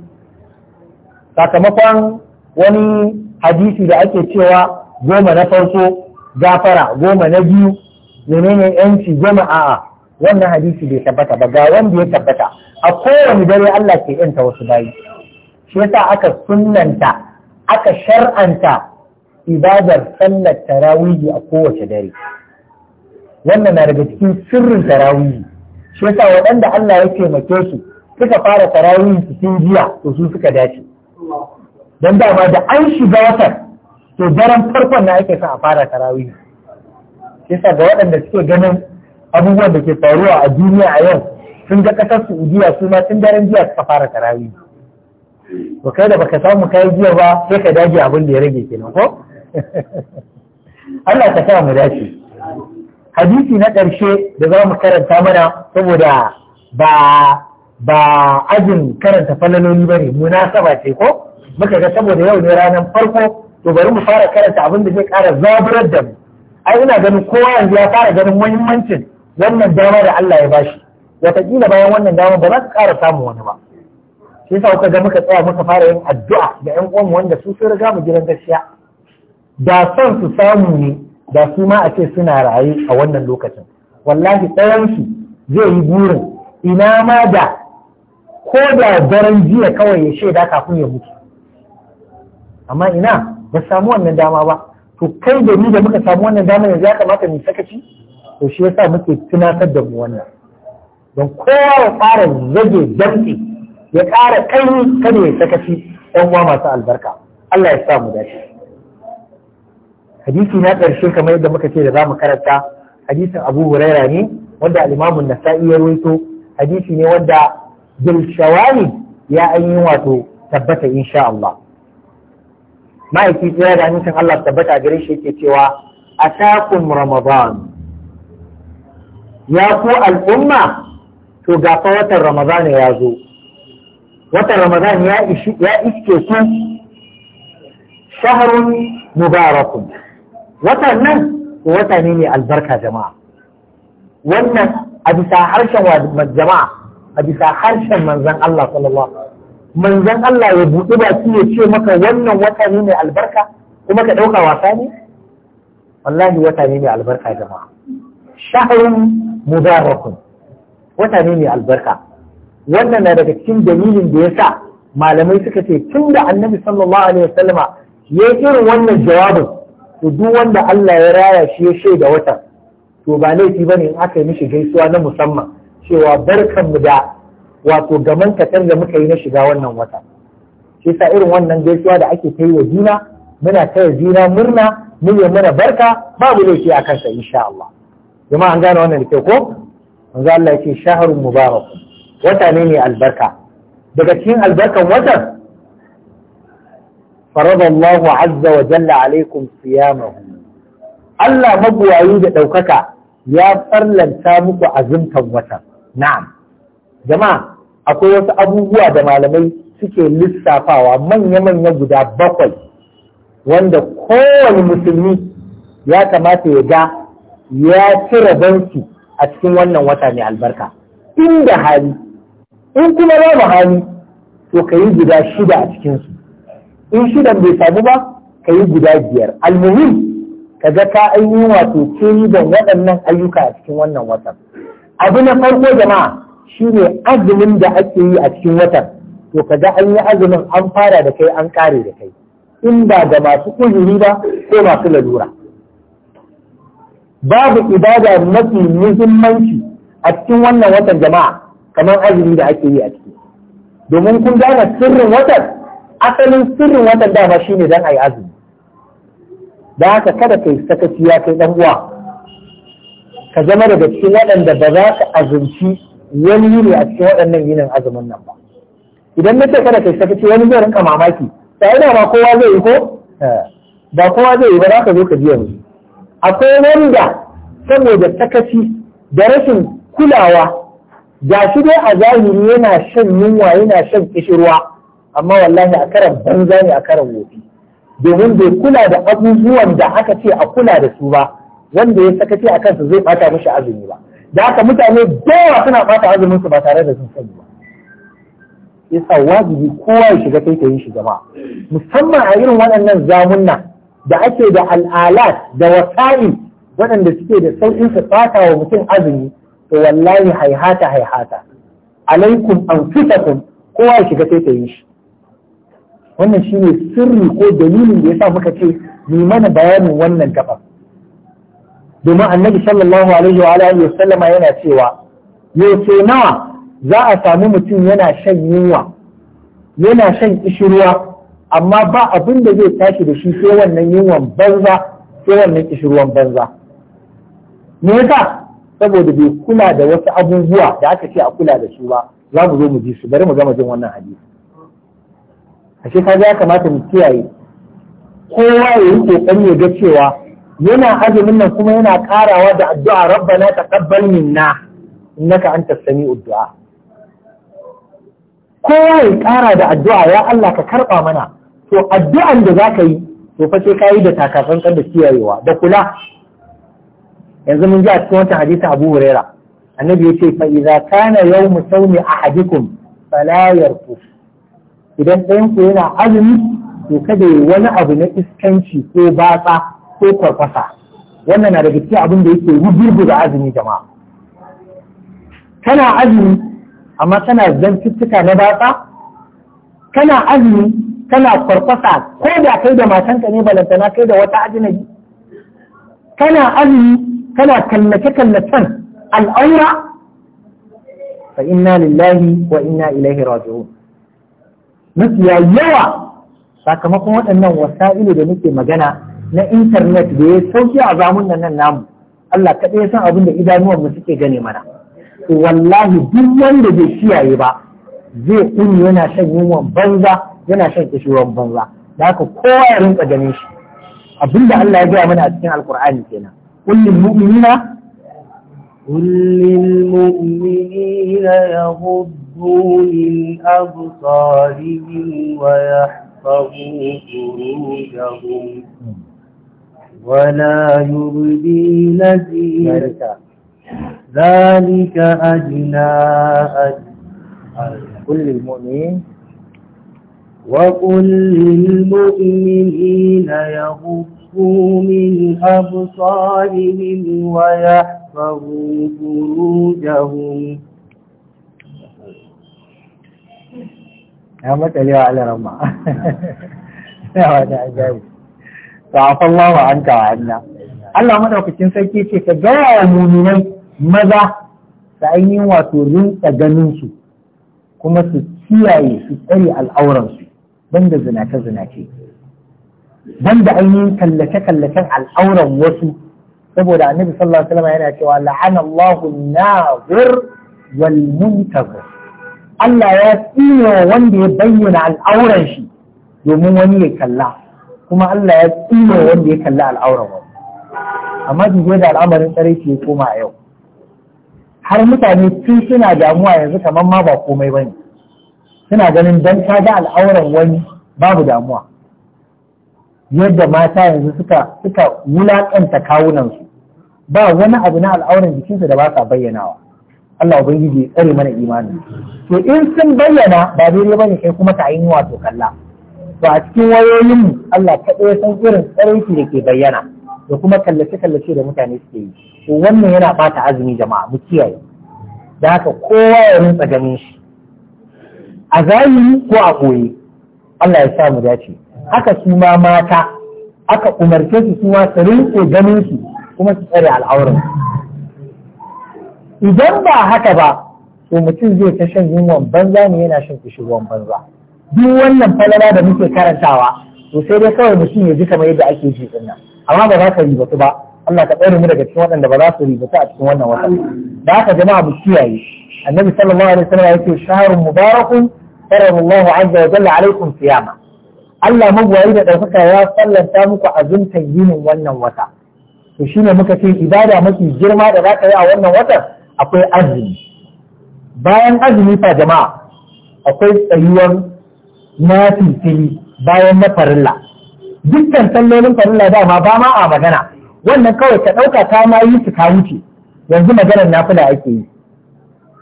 sakamakon wani hadisi da ake cewa goma na farko gafara goma na biyu menene yanci goma a'a wannan hadisi bai tabbata ba ga wanda ya tabbata a kowane dare Allah ke yanta wasu bayi shi yasa aka sunnanta aka shar'anta ibadar sallar tarawihi a kowace dare wannan na daga cikin sirrin tarawihi shi yasa waɗanda Allah ya taimake su suka fara tarawihi cikin jiya to su suka dace don dama da an shiga watan to daren farkon na ake sa a fara tarawih yasa ga waɗanda suke ganin abubuwan da ke faruwa a duniya a yau sun ga ƙasar Saudiya su ma tun daren jiya suka fara tarawih to kai da baka samu kai jiya ba sai ka dage abin da ya rage kenan ko (laughs) Allah ka sa mu dace hadisi na ƙarshe da za mu karanta mana saboda ba ba ajin karanta falaloli bane munasaba ce ko muka ga saboda yau ne ranar farko to bari mu fara karanta abin da zai kara zaburar da mu ai ina ganin kowa yanzu ya fara ganin muhimmancin wannan dama da Allah ya bashi wataƙila bayan wannan dama ba za ka ƙara samun wani ba shi yasa kuka ga muka tsaya muka fara yin addu'a da ƴan uwan wanda su sun riga mu gidan gaskiya da son su samu ne da su ma a ce suna raye a wannan lokacin wallahi su zai yi burin ina ma da ko da daren jiya kawai ya shaida kafin ya mutu amma ina ba samu wannan dama ba to kai da ni da muka samu wannan dama yanzu ya kamata mu sakaci to shi yasa muke tunatar da mu wannan don kowa ya ƙara zage jamfi ya ƙara kai kada ya sakaci ɗan uwa masu albarka Allah ya sa mu dace hadisi na ƙarshe kamar yadda muka ce da za mu karanta hadisin Abu Huraira ne wanda al-Imam nasai ya rawaito hadisi ne wanda bil ya an yi wato tabbata insha Allah ma'aiki tsaya da amincin Allah tabbata gare shi yake cewa a atakum ramadan ya ku al'umma to ga watan ramadan ya zo watan ramadan ya iske ku shahrun mubarakun watan nan wata ne mai albarka jama'a wannan a bisa harshen jama'a a bisa harshen manzan Allah sallallahu manzon Allah ya buɗi baki ya ce maka wannan wata ne mai albarka kuma ka ɗauka wasa ne wallahi wata ne mai albarka jama'a shahrun mubarakun wata ne mai albarka wannan na daga cikin dalilin da ya sa malamai suka ce tun da annabi sallallahu alaihi wasallama ya yi irin wannan jawabin to duk wanda Allah ya raya shi ya shaida watan to ba laifi bane in aka yi mishi gaisuwa na musamman cewa barkan mu da wato gaman katar da muka yi na shiga wannan wata shi sa irin wannan gaisuwa da ake ta wa juna muna taya zina murna mun yi mana barka babu laifi a kansa insha Allah jama'a an gane wannan da kyau ko manzo Allah yake shahrun mubarak wata ne albarka daga cikin albarkan watan farada azza wa jalla alaikum siyamahu Allah mabuwayi da ɗaukaka ya farlanta muku azumtan watan na'am jama'a akwai wasu abubuwa da malamai suke lissafawa manya-manya guda bakwai wanda kowane musulmi ya kamata ya ga ya cire banki a cikin wannan wata mai albarka inda hali in kuma babu hali to ka yi guda shida a cikinsu in shidan bai samu ba ka yi guda biyar almuhim ka ga ka ainihin wato wato yi don waɗannan ayyuka a cikin wannan watan abu na farko jama'a shine azumin da ake yi a cikin watan to kaga an yi azumin an fara da kai an kare da kai in ba ga masu uzuri ba ko masu lalura babu ibada mafi muhimmanci a cikin wannan watan jama'a kamar azumi da ake yi a ciki domin kun gane sirrin watan asalin sirrin watan dama shine dan ayi azumi da haka kada kai sakaci ya kai dan uwa ka zama daga cikin waɗanda ba za ka azumci wani yi ne a cikin waɗannan yinin azumin nan ba idan na ce kada kai ce wani zai rinka mamaki ta da ba kowa zai yi ko eh, ba kowa zai yi ba za ka zo ka biya mu akwai wanda saboda sakaci da rashin kulawa ga shi dai a zahiri yana shan yunwa yana shan kishirwa amma wallahi a karan banza ne a karan wofi domin bai kula da abubuwan da aka ce a kula da su ba wanda ya sakaci a kansa zai bata mashi azumi ba da haka mutane dawa suna bata azumin su ba tare da sun sani ba yasa wajibi kowa ya shiga kai ta yi shi jama'a musamman a irin waɗannan zamunna da ake da al'alat da wasa'i waɗanda suke da sauƙin su fata wa mutum azumi to wallahi haihata haihata alaikum anfusakum kowa ya shiga kai ta yi shi wannan shine sirri ko dalilin da yasa muka ce ni mana bayanin wannan gaba domin annabi sallallahu alaihi wa alihi yana cewa yace nawa za a sami mutum yana shan yunwa yana shan kishirwa amma ba abin da zai tashi da shi sai wannan yunwan banza sai wannan kishirwan banza me yasa saboda bai kula da wasu abubuwa da aka ce a kula da su ba za mu zo mu ji su bari mu gama jin wannan hadisi ashe ka ya kamata mu kiyaye kowa ya yi kokari ya ga cewa yana azumin nan kuma yana karawa da addu'a rabbana taqabbal minna innaka anta sami'ud du'a kowa ya kara da addu'a ya Allah ka karɓa mana to addu'an da ka yi to fa sai yi da takasan da kiyayewa da kula yanzu mun ji a cikin wata hadisi Abu Huraira annabi yace fa idza kana yawmu sawmi ahadikum idan ɗayan ku yana azumi to kada yi wani abu na iskanci ko batsa ko kwarkwasa wannan na daga cikin abin da yake rugurguza azumi jama'a kana azumi amma kana zantuttuka na batsa kana azumi kana kwarkwasa ko da kai da matanka ne balantana kai da wata ajinabi kana azumi kana kallace kallacen al'aura fa inna lillahi wa inna ilaihi raji'un mafiya yawa sakamakon waɗannan wasa'ilu da muke magana na intanet da ya sauki a zamun nan nan namu Allah kaɗai ya san abin da idanuwan mu suke gane mana wallahi duk wanda bai kiyaye ba zai kuni yana shan yunwan banza yana shan kishiyar banza da haka kowa ya rinka ganin shi abin da Allah ya gaya mana a cikin alkur'ani kenan kullum mu'minina kullin mu'minina yaghuddu min absarihim wa yahfazu furujahum ولا يبدي نذير ذلك أدنى قل للمؤمنين وقل للمؤمنين يغفوا من أبصارهم ويحفظوا فروجهم يا متى على رمى (laughs) يا وداع جاي fa afallahu anka wa anna Allah maɗaukacin sarki ce ka gaya wa muminai maza da ainihin wato rinka ganin su kuma su kiyaye su tsare al'auran su banda zinace zinace banda ainihin kallace kallacen al'auran wasu saboda annabi sallallahu alaihi wasallam yana cewa la'ana Allahu nazir wal muntazir Allah ya tsine wanda ya bayyana al'auran shi domin wani ya kalla kuma Allah ya tsine wanda ya kalli al'auran ba amma dubai da al'amarin tsare ke koma a yau har mutane tun suna damuwa yanzu kamar ma ba komai ba ne suna ganin dan ta ga al'auran wani babu damuwa yadda mata yanzu suka suka wulaƙanta kawunansu ba wani abu na al'auran jikinsu da ba sa bayyanawa Allah ubangiji ya tsare mana imani to in sun bayyana ba daidai bane kai kuma ta yi wato kalla to a cikin wayoyinmu Allah ta ɗaya san irin tsaraiki da ke bayyana da kuma kallace-kallace da mutane suke yi to wannan yana bata azumi jama'a mu kiyaye da haka kowa ya rinsa ganin shi a zahiri ko a koyi Allah ya sa mu dace haka su ma mata aka umarce su su ma su rinse ganin shi kuma su tsare al'auran idan ba haka ba to mutum zai ta shan yunwan banza ne yana shan kushirwan banza duk wannan falala da muke karantawa to sai dai kawai mutum ya ji kamar yadda ake ji din nan amma ba za ka ribatu ba Allah ka tsare mu daga cikin waɗanda ba za su ribatu a cikin wannan wata da haka jama'a mu kiyaye annabi sallallahu alaihi wasallam yake shahrun mubarakun farallahu azza wa jalla alaikum siyama Allah magwayi da ɗaukaka ya sallanta muku azumtan yinin wannan wata to shine muka ce ibada mafi girma da za ka yi a wannan watan akwai azumi bayan azumi fa jama'a akwai tsayuwar na fili bayan na farilla dukkan sallolin farilla dama ba ma a magana wannan kawai ka ɗauka ta ma yi su ka wuce yanzu maganar nafila ake yi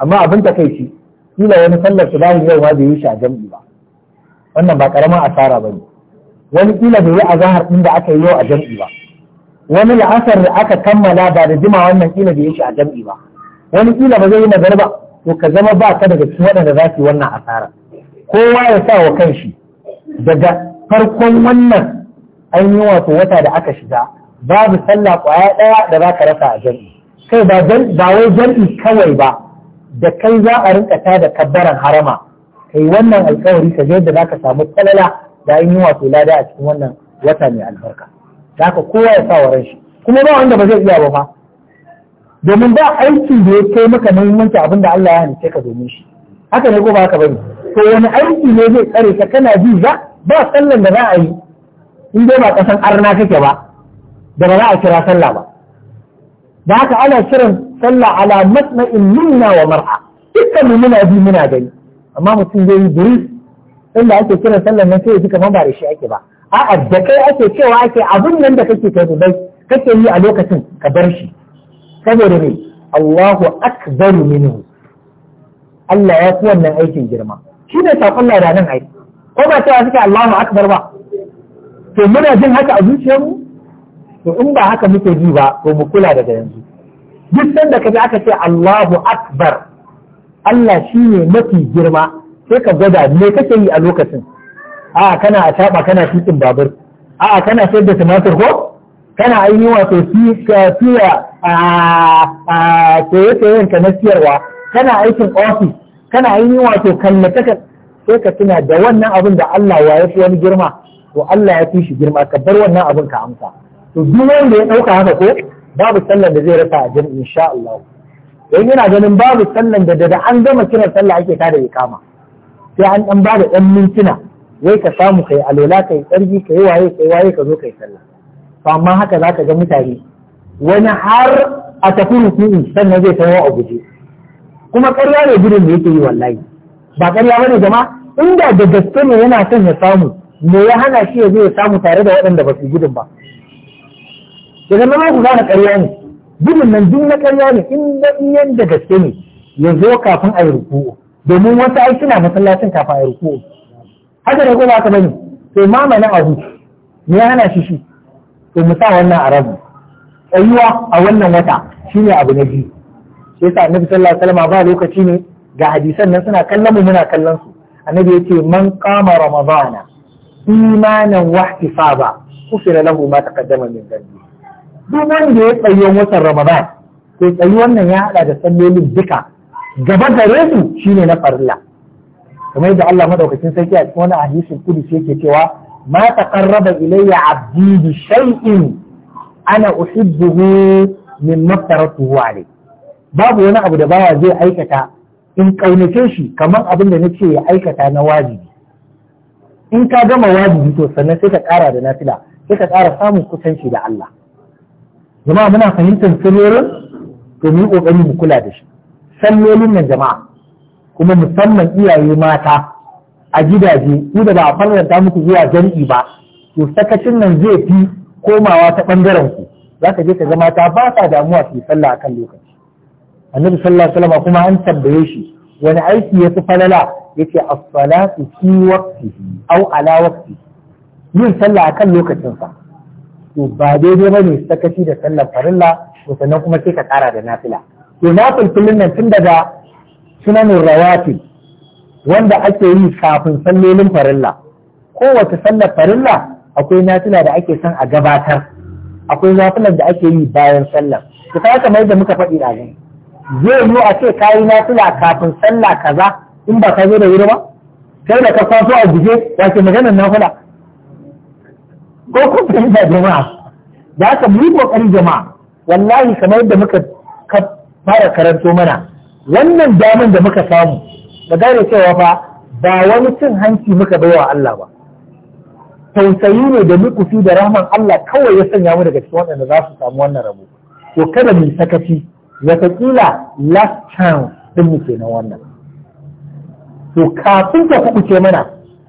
amma abin ta kai shi kila wani sallar su bayan yau ma bai yi shi a jam'i ba wannan ba karamin asara ba ne wani kila bai yi a zahar ɗin da aka yi yau a jam'i ba wani la'asar da aka kammala ba da jima wannan kila bai yi shi a jam'i ba wani kila ba zai yi nazar ba to ka zama ba ka daga cikin waɗanda za su yi wannan asara kowa ya sa wa kanshi daga farkon wannan ainihin wato wata da aka shiga babu sallah kwaya ɗaya da za ka rasa a jam'i kai ba ba wai jam'i kawai ba da kai za a rinka ta da kabbaran harama kai wannan alkawari ka yadda za ka samu kalala da ainihin wato lada a cikin wannan wata mai albarka da haka kowa ya sa wa ranshi. kuma ba wanda ba zai iya ba ma domin ba aikin da ya kai maka muhimmanci abin da Allah ya halice ka domin shi haka ne ko ba haka bane to wani aiki ne zai tsare ka kana ji ba ba sallan da za a yi in dai ba kasan arna kake ba da ba za a kira sallah ba da haka ana kiran sallah ala masna'in minna wa mar'a dukkan mu muna ji muna gani amma mutum zai yi biri inda ake kiran sallar nan sai ya ji kamar ba da shi ake ba a'a da kai ake cewa ake abin nan da kake kai dai kake yi a lokacin ka bar shi saboda me, Allahu akbar minhu Allah ya fi wannan aikin girma shi ne saƙon ladanin ai ko ba cewa suke Allahu akbar ba to muna jin haka a zuciyarmu to in ba haka muke ji ba to mu kula daga yanzu duk sanda ka ji aka ce Allahu akbar Allah shi ne mafi girma sai ka gwada me kake yi a lokacin a kana a taba kana titin babur a kana sayar da tumatir ko kana ainihi wato siya a saye-sayen na siyarwa kana aikin ofis kana yin wato kallata ka sai ka tuna da wannan abin da Allah wa ya fi wani girma to Allah ya fi shi girma ka bar wannan abin ka amsa to duk wanda ya ɗauka haka ko babu sallan da zai rasa a jin insha Allah dan yana ganin babu sallan da da an gama kiran sallah ake kada ya kama sai an dan bada dan mintuna wai ka samu kai alola kai tsarki kai waye kai waye ka zo kai sallah to amma haka zaka ga mutane wani har a tafi rukuni sannan zai tawo a guje kuma ƙarya ne gudun da yake yi wallahi ba ƙarya bane jama inda da gaske ne yana son ya samu me ya hana shi ya zo ya samu tare da waɗanda ba su gudun ba da zama ma ku gane ƙarya ne gudun nan duk na ƙarya ne in da iyan da gaske ne ya zo kafin a yi ruku'u domin wasu ai suna masallacin kafin a yi ruku'u haka da kuma ka bani sai mama na abu me ya hana shi shi to mu sa wannan a rabu tsayuwa a wannan wata shine abu na biyu yasa annabi sallallahu alaihi wasallam ba lokaci ne ga hadisan nan suna kallon mu muna kallon su annabi yace man qama ramadana imanan wa ihtisaba kufira lahu ma taqaddama min dhanbi duk wanda ya tsayi watan ramadan to tsayi wannan ya hada da sallolin duka gaba gare su shine na farilla kamar yadda Allah madaukakin sarki a cikin wani hadisin kudusi yake cewa ma taqarraba ilayya abdi bi shay'in ana uhibbuhu mimma taratuhu alayhi babu wani abu da bawa zai aikata in ƙaunace shi kamar abin da nace ya aikata na wajibi in ka gama wajibi to sannan sai ka ƙara da nafila sai ka ƙara samun kusanci da Allah jama'a muna fahimtar sirrin to mu kokari mu kula da shi sallolin nan jama'a kuma musamman iyaye mata a gidaje ku da ba a farranta muku zuwa jami'i ba to sakacin nan zai fi komawa ta bangaren ku zaka je ka ga mata ba sa damuwa su sallah akan lokaci annabi sallallahu alaihi kuma an tambaye shi wani aiki ya fi falala yace as-salatu fi waqtihi aw ala waqtihi yin sallah akan lokacin sa to ba daidai bane sakaci da sallar farilla to sannan kuma sai ka kara da nafila to nafilin nan tun daga sunanin rawatib wanda ake yi kafin sallolin farilla kowace sallar farilla akwai nafila da ake son a gabatar akwai nafilan da ake yi bayan sallar to kamar da muka faɗi a zai yi a ce kayi na suna kafin sallah kaza in ba ka zo da wuri ba sai da ka kwaso a guje ke maganar na hula ko kun fahimta jama'a da haka mu yi jama'a wallahi kamar yadda muka fara karanto mana wannan daman da muka samu da gane cewa fa ba wani cin hanci muka baiwa Allah ba tausayi ne da nukufi da rahman Allah kawai ya sanya mu daga cikin waɗanda za su samu wannan rabo to kada mu sakaci Wataƙila last chance din mu kenan wannan to kafin ta ce mana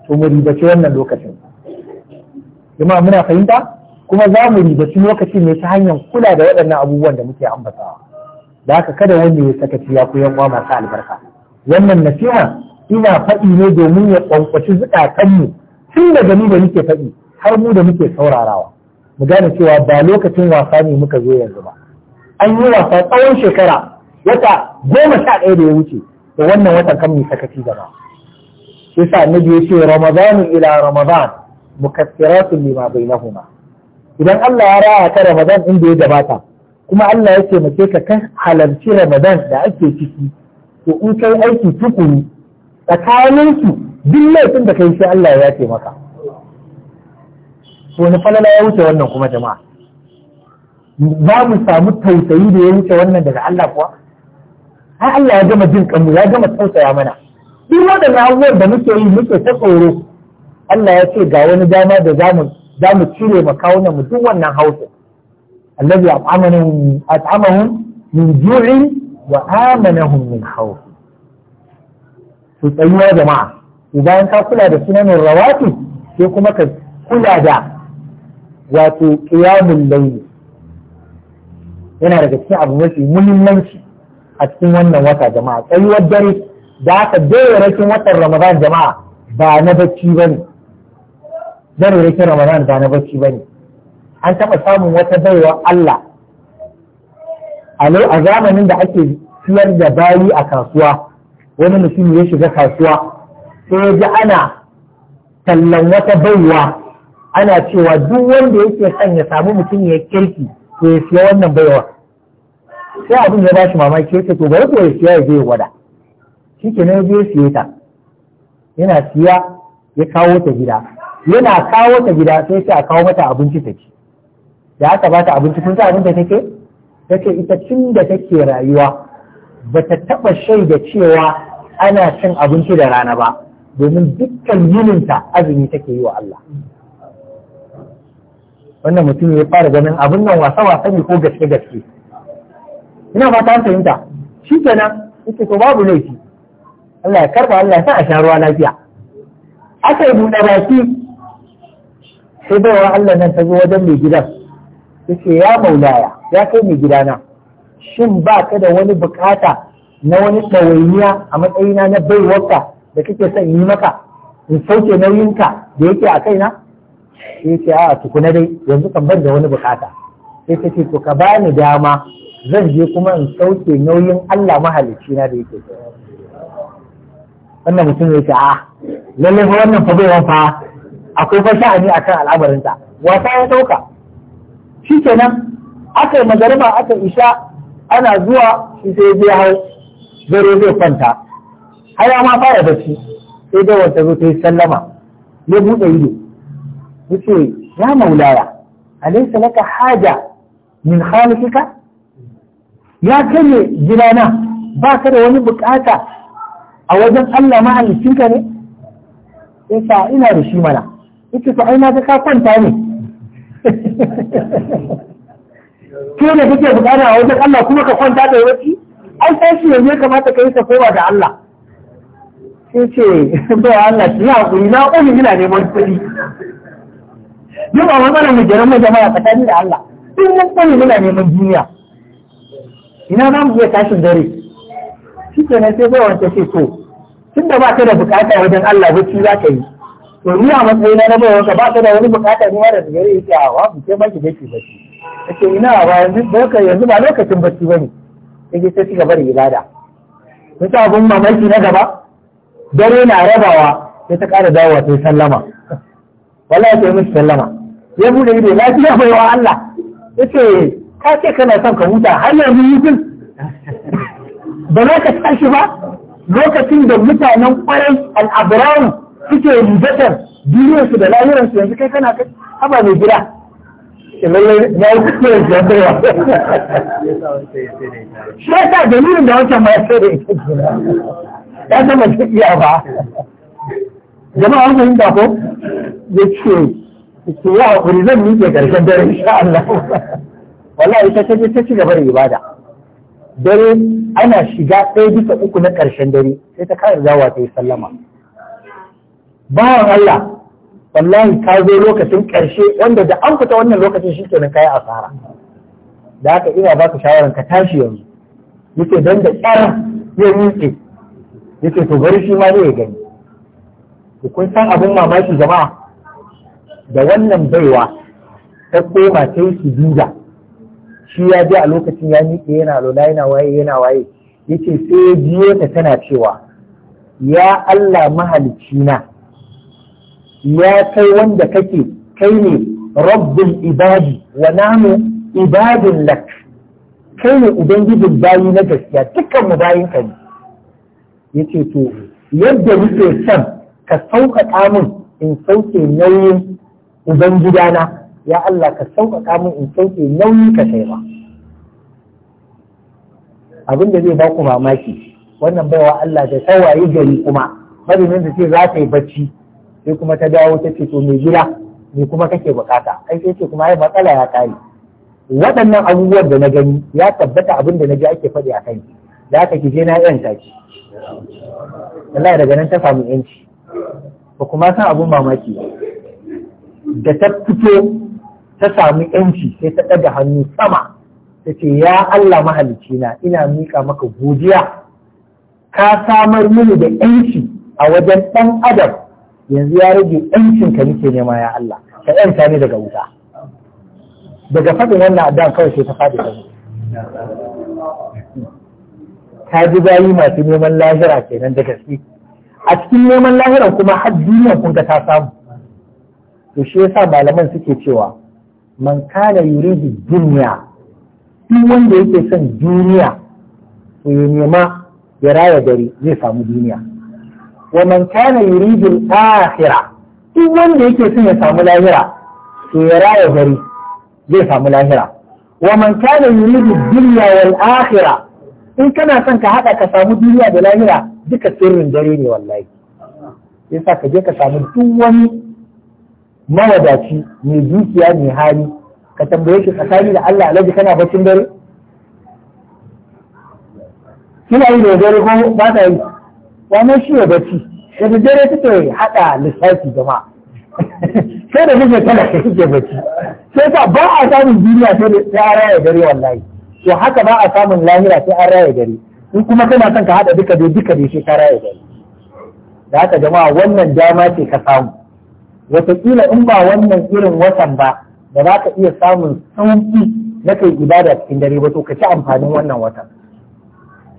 to mu ribaci wannan lokacin Ima muna fahimta kuma za mu ribaci lokaci ne ta hanyar kula da waɗannan abubuwan da muke ambatawa da haka kada wanda ya saka ciya ko masu albarka wannan nasiha ina faɗi ne domin ya kwankwaci zukatanmu tun daga ni da muke faɗi har mu da muke saurarawa mu gane cewa ba lokacin wasa ne muka zo yanzu ba an yi wasa tsawon shekara wata goma sha ɗaya da ya wuce da wannan watan kan mai sakaci gaba sa na ya ce ramadanu ila ramadan bai lima bainahuma idan Allah ya raya ta ramadan inda ya gabata kuma Allah ya taimake ka ka halarci ramadan da ake ciki to in kai aiki tukuru tsakanin su duk laifin da kai sai Allah ya taimaka wani falala ya wuce wannan kuma jama'a za mu samu tausayi da ya wuce wannan daga Allah kuwa har Allah ya gama jin kanmu ya gama tausaya mana duk waɗannan abubuwan da muke yi muke ta tsoro Allah ya ce ga wani dama da zamu za mu cire ma kawunan mu duk wannan hausa allazi at'amahum at'amahum min ju'in wa amanahum min khawf su tsayuwa jama'a bayan ka kula da sunanin rawatu sai kuma ka kula da wato ƙiyamun layl yana daga cikin abu mafi muhimmanci a cikin wannan wata jama'a tsayuwar dare da aka dare rakin watan ramadan jama'a ba na bacci ba ne dare rakin ramadan ba na bacci ba ne an taɓa samun wata baiwar allah a zamanin da ake siyar da bayi a kasuwa wani mutum ya shiga kasuwa sai ji ana tallan wata baiwa ana cewa duk wanda yake son ya samu mutum ya kirki to ya siya wannan baiwa sai abin ya ba shi mamaki ya to bari ko ya siya ya je ya gwada shi ke nan ya siye ta yana siya ya kawo ta gida yana kawo ta gida sai sai a kawo mata abinci ta ci da aka ba ta abinci kun sa abin da take take ita tun da take rayuwa ba ta taɓa shaida cewa ana cin abinci da rana ba domin dukkan yininta azumi take yi wa Allah wannan mutum ya fara ganin abin nan wasa wasa ne ko gaske gaske ina fata an fahimta shi kenan yake to babu laifi Allah ya karba Allah ya sa a sha ruwa lafiya aka yi buɗe baki sai bawa Allah nan ta zo wajen mai gidan yace ya maulaya ya kai mai gidana shin ba ka da wani bukata na wani ɗawainiya a matsayina na baiwarka da kake son yi maka in sauke nauyinka da yake a kaina sai ce a tukuna dai yanzu kan ban da wani bukata sai ta ce to ka bani dama zan je kuma in sauke nauyin Allah mahalicci na da yake wannan mutum ya ce a lallai fa wannan fa bai fa akwai fa sha'ani akan al'amarinta wasa ya dauka shikenan aka yi magariba aka isha ana zuwa shi sai je hau zare zai kwanta har ma fara bacci sai da wata zo ta yi sallama ya buɗe ido yace ya maulaya alaysa laka haja min khaliqika ya kame gidana ba ka da wani bukata a wajen Allah mahallicinka ne yasa ina da shi mana yace to ai na ga ka kwanta ne (laughs) ke ne kake bukata a wajen Allah kuma ka kwanta da wani ai shi yanzu ya kamata ka yi kowa da Allah sai ce ba Allah ki hakuri na ƙuni ina neman kuɗi yau a matsalar mu jiran mu jama'a tsakani da Allah duk mun sani muna neman duniya ina za mu iya tashin dare shi ke nan sai zai wance ce so. tun da ba ka da bukata wajen Allah bacci za ka yi to ni a matsayina na bai wanka ba ka da wani bukata ne da gare yake a wa mu ce ba ki bacci bacci ake ina ba yanzu yanzu ba lokacin bacci bane yake sai ci gaba da ibada mun ta abun mamaki na gaba dare na rabawa sai ta ƙara dawowa sai sallama wallahi sai musu sallama ya bude ido lafiya bai wa Allah yace ka ce kana son ka huta har yanzu mutum ba za ka tashi ba lokacin da mutanen kwarai al'abirawu suke ribatar su da su yanzu kai kana kai haba mai gida shi yasa dalilin da wancan ma ya sai da ita ya zama iya ba jama'a wani da ko ya ce ke yi hakuri zan miƙe ƙarshen dare insha Allah wallahi ita ta ta ci gaba da ibada dare ana shiga ɗaya bisa uku na ƙarshen dare sai ta kayar zawa ta yi sallama bawan Allah wallahi ka zo lokacin ƙarshe wanda da an fita wannan lokacin shi kenan kayi asara da haka ina baka shawaran ka tashi yanzu yake don da ƙyar ya miƙe yake to bari shi ma ne ya gani kun san abin mamaki jama'a da wannan baiwa ta koma ta yi sujuda shi ya je a lokacin ya miƙe yana lola yana waye yana waye Ya ce sai ya jiyo ta tana cewa ya Allah mahalicci na ya kai wanda kake kai ne rabbul ibadi wa namu ibadin lak kai ne ubangijin bayi na gaskiya dukkan mu bayin ka ne Ya ce to yadda muke son ka sauƙaƙa min in sauke nauyin Uban gidana ya Allah ka sauƙaƙa min in sauƙe nauyi ka sai ba abin da zai ba ku mamaki wannan baiwa Allah da tawaye gari kuma marimin da ce za ta yi bacci sai kuma ta dawo ta ce to mai gida me kuma kake bukata ai sai ce kuma ai matsala ya kare waɗannan abubuwan da na gani ya tabbata abin da na ji ake faɗi a kai da aka ki je na yan taki wallahi daga nan ta samu yanci ba kuma san abin mamaki ba da ta fito ta samu yanci sai ta ɗaga hannu sama ta ce ya Allah na? ina miƙa maka godiya ka samar mini da yanci a wajen ɗan adam yanzu ya rage ka nake nema ya Allah ka yanta ni daga wuta daga faɗin wannan addu'a kawai sai ta faɗi ta ta ji bayi masu neman lahira kenan da gaske a cikin neman lahiran kuma har duniya kun ga ta samu to shi yasa malaman suke cewa man kana yuridu dunya duk wanda yake son duniya to ya nema ya raya gari zai samu duniya wa man kana yuridu al-akhirah duk wanda yake son ya samu lahira to ya raya gari zai samu lahira wa man kana yuridu dunya wal akhirah in kana son ka hada ka samu duniya da lahira duka sirrin dare ne wallahi yasa ka je ka samu duk wani mawadaci mai dukiya mai hali ka tambaye shi tsakani da Allah alaji kana baccin dare kina yi da dare ko ba ta yi wannan shi ya bacci da dare take haɗa lissafi jama'a (laughs) sai da kike tana ka kike bacci sai ta ba a samun duniya sai an raya dare wallahi to haka ba a samun lahira sai an raya dare in kuma kana son ka haɗa duka dai duka dai sai ka raya dare da haka jama'a wannan dama ce ka samu wataƙila in ba wannan irin watan ba da za ka iya samun sauki na kai ibada cikin dare ba to ka ci amfanin wannan watan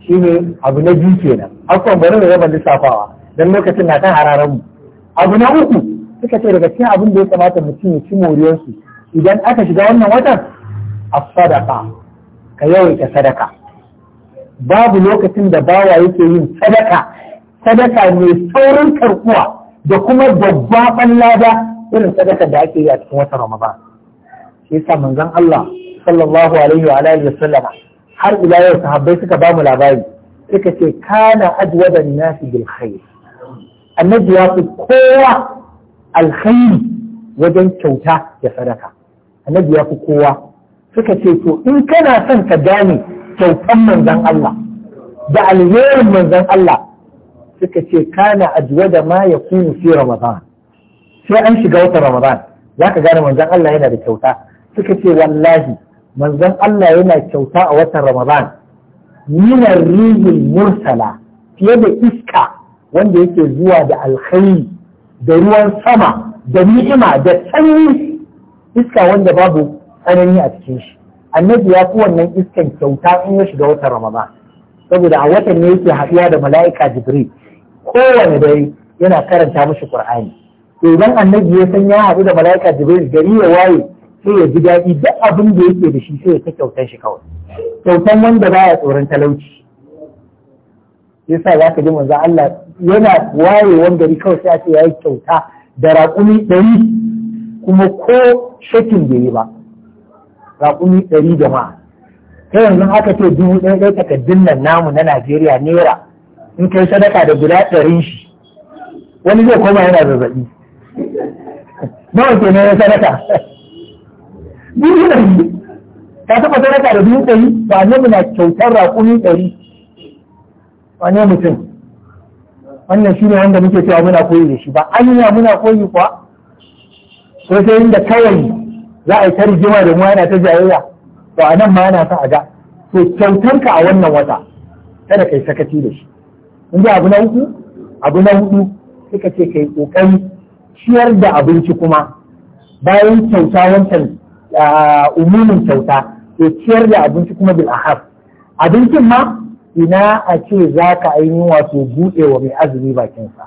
shi ne abu na biyu kenan akwai bari da yawan lissafawa don lokacin na kan hararan mu abu na uku suka ce daga cikin abin da ya kamata mutum ya ci moriyarsu idan aka shiga wannan watan a sadaka ka yawaita sadaka babu lokacin da bawa yake yin sadaka sadaka mai saurin karkuwa da kuma babban lada irin sadaka da ake yi a cikin watan Ramadan shi yasa manzon Allah sallallahu alaihi wa alihi wasallama har ila yau sahabbai suka ba mu labari suka ce kana ajwada nasi bil khair annabi ya fi kowa alkhairi wajen kyauta da sadaka annabi ya fi kowa suka ce to in kana son ka gane kyautan manzon Allah da alherin manzon Allah suka ce kana da ma ya kunu fi ramadan sai an shiga wata ramadan za ka gane manzon Allah yana da kyauta suka ce wallahi manzon Allah yana kyauta a watan ramadan minar rigin mursala fiye da iska wanda yake zuwa da alkhairi da ruwan sama da ni'ima da sanyi iska wanda babu tsanani a cikin shi annabi ya fi wannan iskan kyauta in ya shiga watan ramadan saboda a watan ne yake haɗuwa da mala'ika jibril kowane dare yana karanta mashi qur'ani to idan annabi ya san ya haɗu da malaika jibril gari ya waye sai ya ji daɗi duk abin da yake da shi sai ya ta kyautan shi kawai kyautan wanda ba ya tsoron talauci yasa za ka ji manzo Allah yana wayewan gari kawai sai a ce yayi kyauta da raƙumi ɗari kuma ko shakin bai yi ba raƙumi ɗari jama'a ta yanzu aka ce dubu ɗaya ɗaya takaddun nan namu na Najeriya naira in kai sadaka da guda ɗarin shi wani zai koma yana zazzaɓi nawa ne na sadaka dubu ɗari ka taɓa sadaka da dubu ɗari ba ne muna kyautar raƙumi ɗari ba ne mutum wannan shi ne wanda muke cewa muna koyi da shi ba yi muna koyi kuwa ko sai inda kawai za a yi ta rigima da mu yana ta jayayya Ba a nan ma yana ta aga to ka a wannan wata kada kai sakaci da shi kun ji abu na uku abu na hudu suka ce kai kokari ciyar da abinci kuma bayan kyauta wancan umumin kyauta ke ciyar da abinci kuma bil ahab abincin ma ina a ce za ka ainihin wato buɗe wa mai azumi bakinsa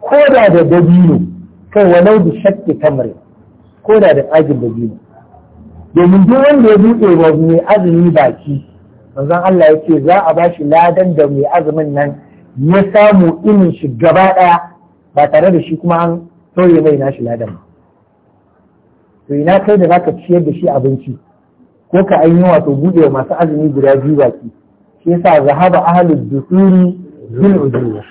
ko da da dabino kai walau da shakki tamari ko da da tsagin dabino domin duk wanda ya buɗe wa mai azumi baki manzon Allah ya ce za a ba shi ladan da mai azumin nan ya samu inin shi gaba ɗaya ba tare da shi kuma an sauye mai nashi ladan ba to ina kai da zaka ciyar da shi abinci ko ka an yi wato buɗe masu azumi guda biyu baki shi yasa zahaba ahlud dusuri bil ujuri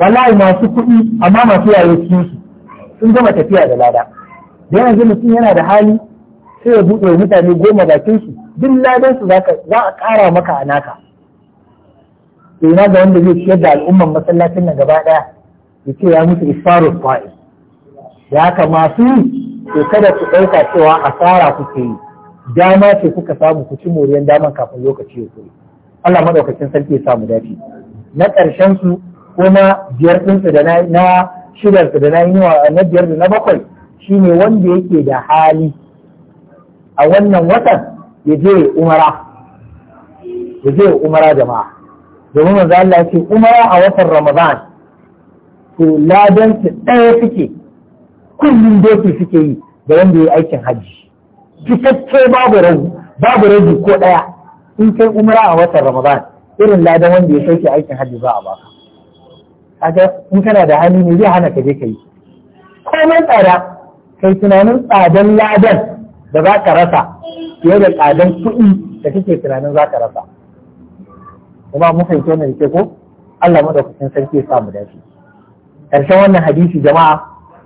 wallahi masu kuɗi amma masu yaye su sun gama tafiya da lada da yanzu mutum yana da hali sai ya buɗe mutane goma bakin su duk ladansu za'a za a ƙara maka a naka ina ga wanda zai ciyar da al'umman masallacin nan gaba ɗaya ya ce ya musu isfaru fa'i ya ka masu yi to kada ku ɗauka cewa asara kuke yi dama ce kuka samu ku ci moriyan daman kafin lokaci ya kuri Allah madaukakin sarki ya samu dafi na ƙarshen su ko na biyar ɗinsu da na shidar da na yi na biyar da na bakwai shine wanda yake da hali a wannan watan ya umara ya umara jama'a domin manzo Allah ya ce umara a watan Ramadan to ladan su ɗaya suke kullum doki suke yi da wanda ya yi aikin hajji cikakke babu rabu babu rabu ko ɗaya in kai umara a watan Ramadan irin ladan wanda ya sauke aikin hajji za a baka kaga in kana da hali ne zai hana ka je kai komai tsada kai tunanin tsadan ladan da za ka rasa fiye da tsadan kuɗi da kake tunanin za ka rasa kuma mun fahimci wannan da ke ko Allah madaukakin sarki ya samu dace karshen wannan hadisi jama'a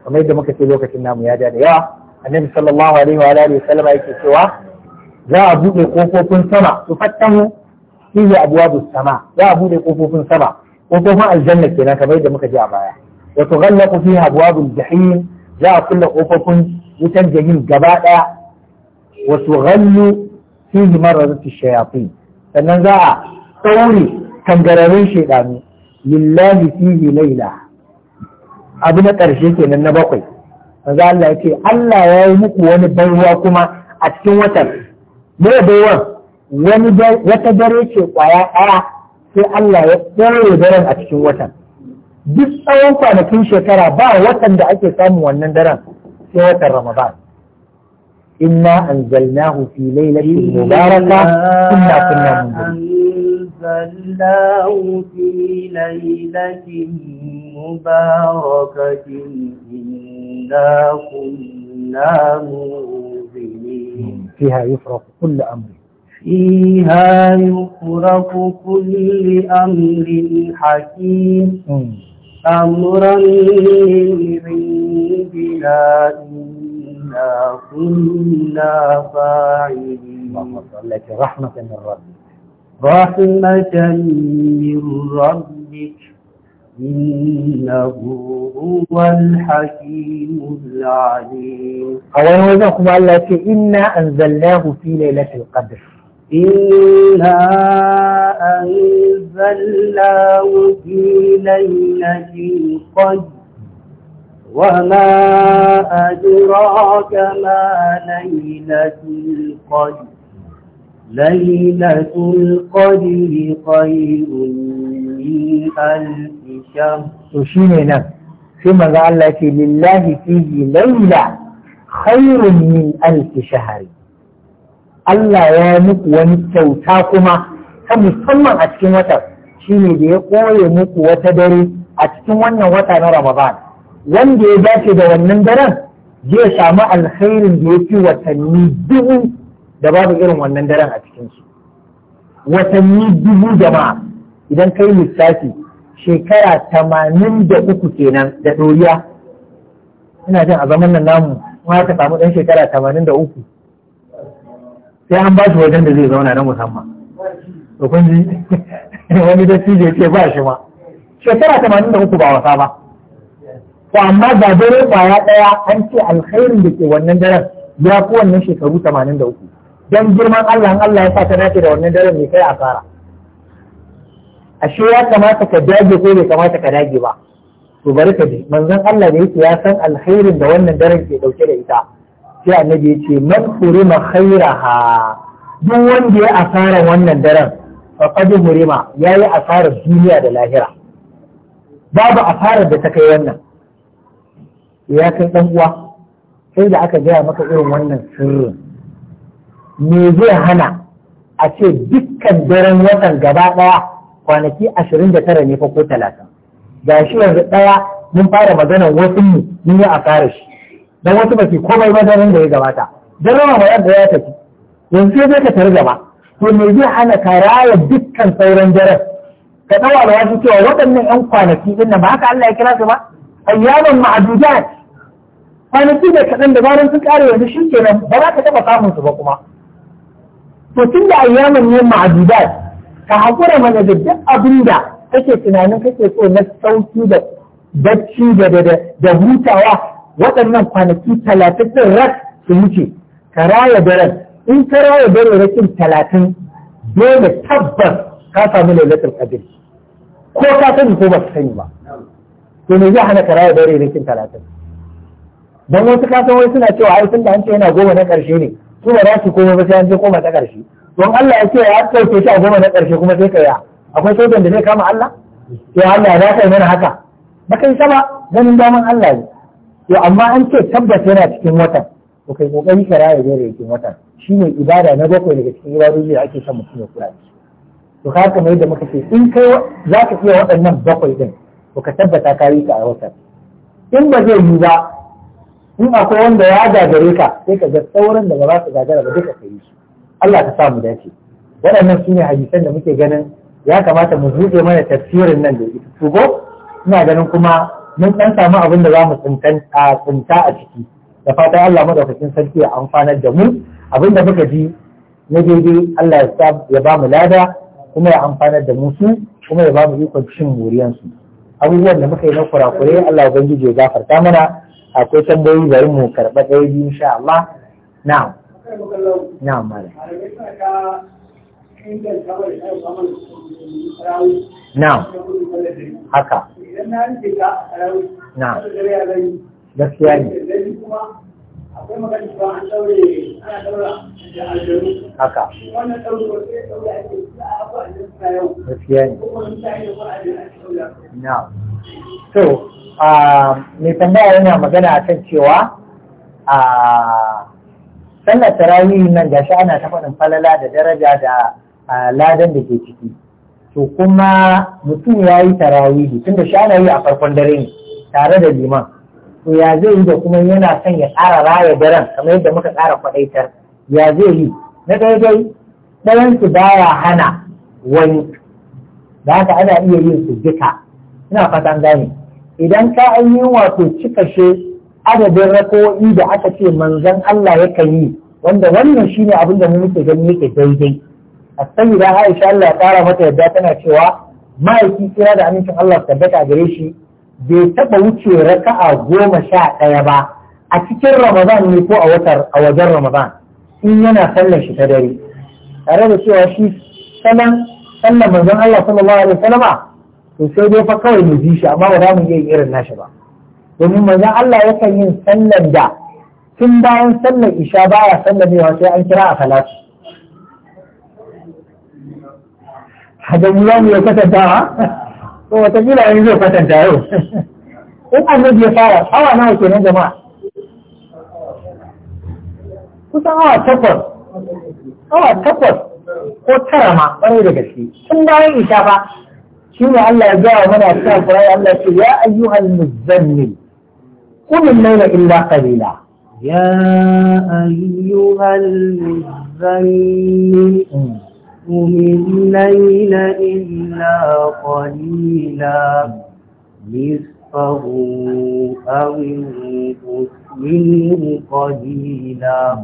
kamar yadda muka ce lokacin namu ya da yawa annabi sallallahu alaihi wa alihi sallama yake cewa za a buɗe kofofin sama su fattamu fiye abuwa sama za a buɗe kofofin sama kofofin aljanna kenan kamar yadda muka ji a baya wa tughallaqu fiha abwabul jahim za a kulle kofofin wutan jahim gaba ɗaya wasu ghallu fihi maradatu shayatin sannan za a tsauri kangararin shaidanu lillahi fihi laila abu na ƙarshe kenan na bakwai manzo Allah ya ce Allah ya yi muku wani baiwa kuma a cikin watan me baiwa wani wata dare ce kwaya ɗaya sai Allah ya tsare daren a cikin watan duk tsawon kwanakin shekara ba watan da ake samun wannan daren sai watan Ramadan إنا أنزلناه في ليلة مباركة كنا كنا أنزلناه في ليلة مباركة إنا كنا منذرين فيها يفرق كل أمر فيها يفرق كل أمر حكيم أمرا من عندنا إنا كنا فاعلين لك رحمة من ربك رحمة من ربك إنه هو الحكيم العليم أولا وزنكم الله إنا أنزلناه في ليلة القدر إنا أنزلناه في ليلة القدر وما أدراك ما ليلة القدر ليلة القدر خير من ألف شهر وشينا ثم قال لله فيه ليلة خير من ألف شهر Allah ya muku wani kyauta kuma ta musamman a cikin wata, shi ne da ya koye muku wata dare a cikin wannan wata na Ramadan wanda ya dace da wannan daren zai samu alkhairin da ya fi watanni dubu da babu irin wannan daren a cikinsu watanni dubu jama'a idan kai lissafi shekara tamanin da uku kenan da ɗoriya ina jin a zaman nan namu ma ka samu ɗan shekara tamanin da uku sai an ba shi wajen da zai zauna na musamman to kun ji (laughs) wani dattijo ce ba shi ma shekara tamanin da uku ba wasa ba to amma ga dare kwaya ɗaya an ce alkhairin da ke wannan daren ya fi wannan shekaru tamanin don girman Allah in Allah ya sa ta dace da wannan daren mai kai asara ashe ya kamata ka dage ko bai kamata ka dage ba to bari ka ji manzon Allah da yake ya san alkhairin da wannan daren ke dauke da ita sai annabi ya ce man hurima khairaha duk wanda ya asara wannan daren faqad ya yi asarar duniya da lahira babu asarar da ta kai wannan ya kai ɗan uwa sai da aka gaya maka irin wannan sirrin me zai hana a ce dukkan daren watan gaba ɗaya kwanaki ashirin da tara ne fa ko talatin ga shi yanzu ɗaya mun fara maganar wasu mu mun yi fara shi dan wasu ba su komai ba daren da ya gabata daren ramadan da ya tafi yanzu sai ka tare gaba to me zai hana ka raya dukkan sauran daren ka da wasu cewa waɗannan 'yan kwanaki ɗin nan ba haka Allah ya kira su ba ayyaman ma'adudat kwanaki da kaɗan da zaran sun ƙare yanzu shi kenan ba za ka taɓa samun su ba kuma to tun da ayyaman ne ma'adudat ka haƙura mana da duk abin da kake tunanin kake so na sauki da barci da da hutawa waɗannan kwanaki talatin rak su wuce ka raya daren in ka raya daren rakin talatin dole tabbas ka samu lailatul qadr ko ka sani ko ba ka sani ba to me zai hana karaya da rikin talatin don wasu kasan wai suna cewa ai tunda an ce yana goma na ƙarshe ne su ba za su koma ba sai an je koma ta ƙarshe don Allah ya ce ya ɗauke shi a goma na ƙarshe kuma sai kaya akwai sojan da zai kama Allah to Allah za ka mana haka ba kai saba ganin daman Allah ne to amma an ce tabbas yana cikin watan to kai kokari ka raya da cikin watan shine ibada na bakwai daga cikin ibadoji da ake son mutum ya kula da to ka haka mai da muka ce in kai za ka iya waɗannan bakwai din to ka tabbata ka yi ka a watan in ba zai yi ba in akwai wanda ya gagare ka sai ka ga sauran da ba za su gagara ba duka ka yi su Allah ka samu dace waɗannan su ne hadisan da muke ganin ya kamata mu buɗe mana tafsirin nan da ita su ina ganin kuma mun ɗan samu abin da za mu tsinta a ciki da fatan Allah madaukakin sarki ya amfanar da mu abin da muka ji na daidai Allah ya ba mu lada kuma ya amfanar da mu su kuma ya ba mu ikon cin muriyansu. abubuwan da muka yi na kurakure Allah ubangiji ya gafarta mana akwai tambayoyi bari mu karɓa ɗaya biyu insha Allah na'am na'am malam na'am haka na'am gaskiya ne akwai magana cewa an daure ana daura da aljanu haka wannan daure ba sai daure a ce za a haɓa na yau gaskiya ne kuma mutane ba aljanu a daura na so mai tambaya yana magana a kan cewa a sallar tarawih nan gashi ana ta faɗin falala da daraja da ladan da ke ciki to kuma mutum ya yi tarawihi tunda shi ana yi a farkon dare ne tare da liman to ya zai yi da kuma yana son ya ƙara raya daren kamar yadda muka ƙara kwaɗaitar ya zai yi na daidai ɗayan su baya hana wani da haka ana iya yin su duka ina fatan gane idan ka an yi wato cikashe adadin rako'i da aka ce manzon Allah yakan yi wanda wannan shine abin da mu muke gani yake daidai a da Aisha Allah ya ƙara mata yadda tana cewa ma'aiki kira da amincin Allah ta daka gare shi bai taɓa wuce raka'a goma sha ɗaya ba a cikin ramadan ne ko a watar a wajen ramadan in yana sallar shi ta dare tare da cewa shi sallan sallar manzon Allah sallallahu alaihi wasallama to sai dai fa kawai mu ji shi amma ba za mu iya irin nashi ba domin manzon Allah yakan yin sallar da tun bayan sallar isha baya sallar ne sai an kira a salatu hadamu ya kasanta to watakila wani zai kwatanta yau in annabi ya fara awa nawa kenan jama'a kusan awa takwas awa takwas ko tara ma ƙwarai da gaske tun bayan isha ba shi ne Allah ya gaya mana cikin alƙur'ani Allah ya ce ya ayyuhal muzammil qum al-layla illa qalila ya ayyuhal muzammil hmm. قم الليل إلا قليلا نصفه أو انقص منه قليلا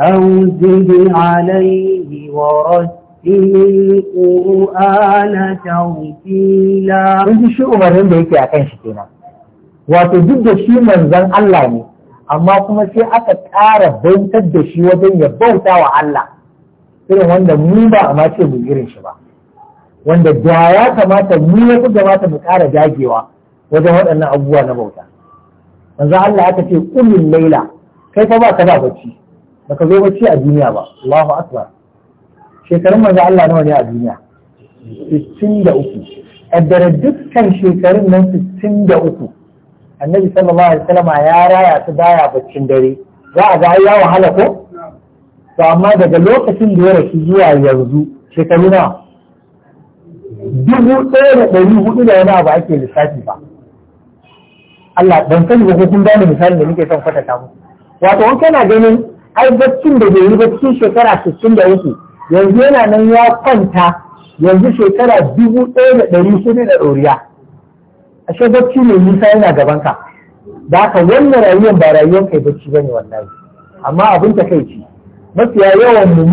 أو زد عليه ورتل القرآن ترتيلا kun ji shi umarnin da yake a kan shi wato duk da shi manzon Allah ne amma kuma sai aka ƙara bautar da shi wajen ya bauta wa Allah irin wanda mu ba a ma ce mu irin shi ba wanda da ya kamata mu ya fi kamata mu ƙara dagewa wajen waɗannan abubuwa na bauta manzo Allah aka ce kullun laila kai fa ba ka ba bacci baka zo bacci a duniya ba Allahu akbar shekarun manzo Allah nawa ne a duniya 63 kaddara dukkan shekarun nan 63 annabi sallallahu alaihi wasallam ya raya su baya baccin dare za a ga ya wahala ko to amma daga lokacin da ya rasu zuwa yanzu shekaru nawa dubu ɗaya da ɗari hudu da yana ba ake lissafi ba Allah ban sani ba ko kun bani misalin da nake son kwatanta mu wato wani kana ganin ai baccin da bai yi baccin shekara sittin da yake yanzu yana nan ya kwanta yanzu shekara dubu ɗaya da ɗari hudu da ɗoriya ashe bacci mai nisa yana gaban ka da ka wannan rayuwar ba rayuwar kai bacci bane wallahi amma abin ta kai ce mafiya yawan mu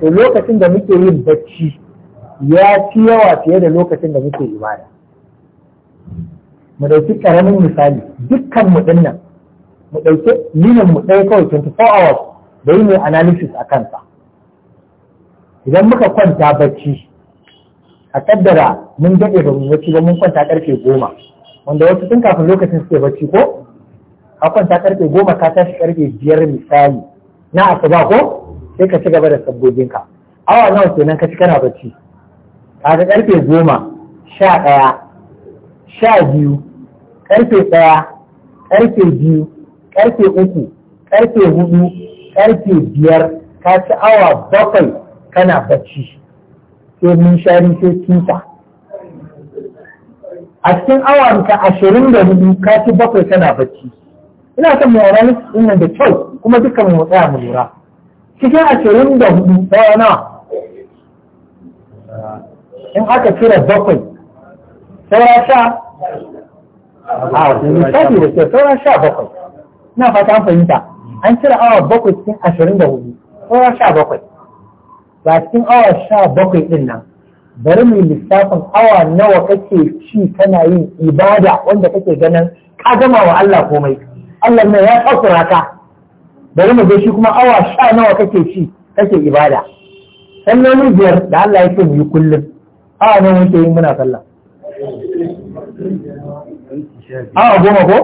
to lokacin da muke yin bacci ya fi yawa fiye da lokacin da muke ibada mu ɗauki ƙaramin misali dukkan mu nan, mu ɗauki yinin mu ɗaya kawai 24 hours da yi mai analysis a kansa idan muka kwanta bacci a kaddara mun daɗe ba mu bacci ba mun kwanta ƙarfe goma wanda wasu tun kafin lokacin suke bacci ko a kwanta ƙarfe goma ka tashi ƙarfe biyar misali na asuba ko sai ka ci gaba da sabbobinka awa nawa kenan ka ci kana bacci kaga karfe goma sha ɗaya sha biyu karfe ɗaya karfe biyu karfe uku karfe hudu karfe biyar ka ci awa bakwai kana bacci sai mun shari sai kinta a cikin awanka ashirin da hudu ka ci bakwai kana bacci ina son mu aura list din nan da kyau kuma dukkan mu tsaya mu lura cikin ashirin da hudu ɗaya na in aka cire bakwai saura sha a lissafi da ke saura sha bakwai Ina fata an fahimta an cire awa bakwai cikin ashirin da hudu saura sha bakwai ba cikin awa sha bakwai din nan bari mu lissafin awa nawa kake ci kana yin ibada wanda kake ganin ka gama wa Allah komai Allah ne ya tsakura ka bari mu ga shi kuma awa sha nawa kake ci kake ibada sallolin biyar da Allah ya ce mu yi kullum awa nan muke yi muna sallah awa goma ko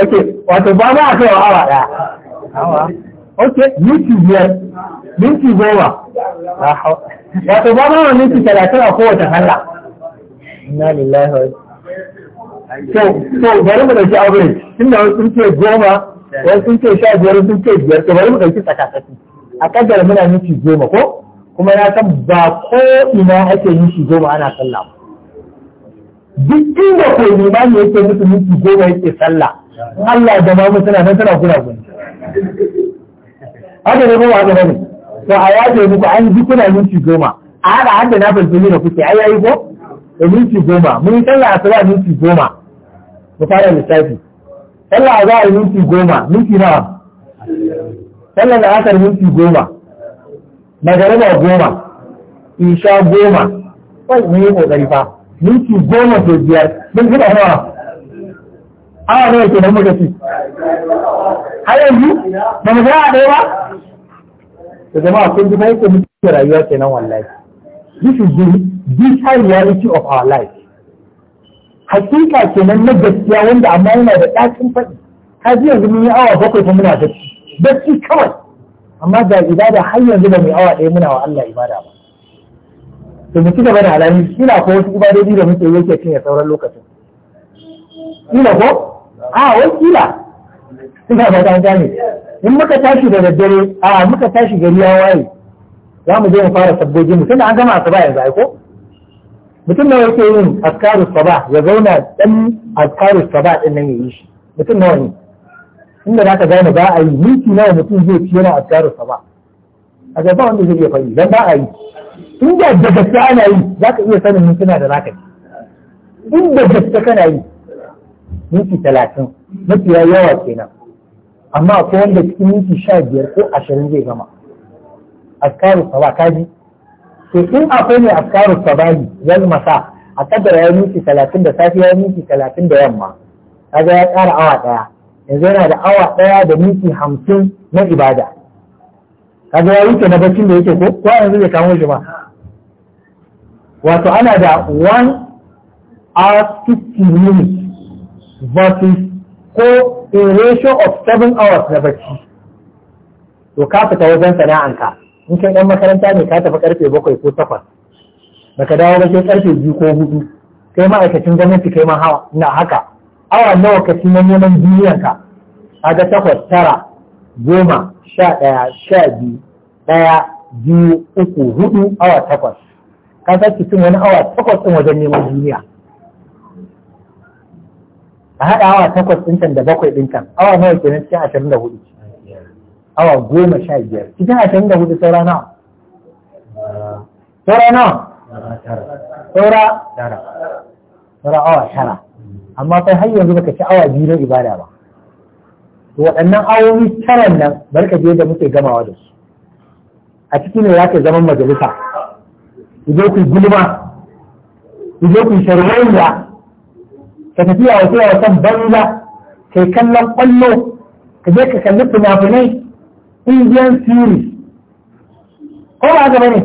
ok wato ba ma aka kai wa awa ɗaya awa ok minti biyar minti goma wato ba ma wa minti talatin a kowace sallah inna lillahi wa to bari mu ɗauki average tunda wasu sun ce goma wasu sun ce sha biyar sun ce biyar to bari mu ɗauki tsakatsaki a kaddara muna minti goma ko kuma na san ba ko ina ake minti goma ana sallah duk inda ko limani yake musu minti goma yake sallah Allah da mamu suna nan tana gura gura haka ne kuma haka ne to a yaje muku an duk kuna minti goma a haka hada na fulfili da kuke ai yayi ko minti goma mun sallah a asuba minti goma mu fara lissafi sallah a yi minti goma minti nawa sallah da asar minti goma magariba goma sha goma kai mun yi kokari fa minti goma to biyar mun gina nawa awa nawa ke nan muka ci har yanzu ba mu a ɗaya ba da jama'a kun ji fa yake muke rayuwa kenan wallahi this is the this reality of our life hakika kenan na gaskiya wanda amma yana da ɗakin faɗi ka ji yanzu mun yi awa bakwai kuma muna bacci bacci kawai amma ga ibada har yanzu ba mu yi awa ɗaya muna wa Allah ibada ba to mu ci gaba da alamu ina ko wasu ibadodi da muke yake cinye sauran lokacin ina ko a wai kila ina ba ta gane in muka tashi da daddare a muka tashi gari ya waye za mu je mu fara sabbojin mu tunda an gama asuba yanzu ai ko mutum na yake yin askaru sabah ya zauna dan askaru sabah din nan yayi shi mutum nawa ne inda zaka gane ba a yi Miki nawa mutum zai ci yana askaru saba? a gaba wanda zai iya fari dan ba a yi In da gaske ana yi zaka iya sanin mintuna da zaka yi In da gaske kana yi minti talatin mafi yawa kenan amma akwai wanda cikin minti sha biyar ko ashirin zai gama askaru ka ji. to in akwai mai askaru sabani wal masa a kaddara ya miki talatin da safiya ya miki talatin da yamma kaga ya ƙara awa ɗaya yanzu yana da awa ɗaya da miki hamsin na ibada kaga ya wuce na baccin da yake ko ko yanzu zai kamo shi ma wato ana da one hour fifty minutes versus ko in ratio of seven hours na bacci to ka fita wajen sana'anka in kai ɗan makaranta ne ka tafi karfe bakwai ko takwas baka dawo ba sai karfe biyu ko hudu kai ma'aikacin gwamnati kai ma hawa na haka awa nawa ka ci na neman duniyan ka ga takwas tara goma sha ɗaya sha biyu ɗaya biyu uku hudu awa takwas ka san cin wani awa takwas ɗin wajen neman duniya a haɗa awa takwas ɗin da bakwai ɗin awa nawa kenan cikin ashirin da hudu awa goma sha biyar cikin ashirin da hudu saura nawa saura nawa saura saura awa tara amma kai har yanzu baka ci awa biyu na ibada ba to waɗannan awowi taran nan bari ka je da muke gamawa da su a cikin ne za ka zaman majalisa idan ku gulma idan ku sharwaiya ka tafiya wasu banza kai kallon kwallo ka je ka kalli fina-finai indian series ko ba gaba ne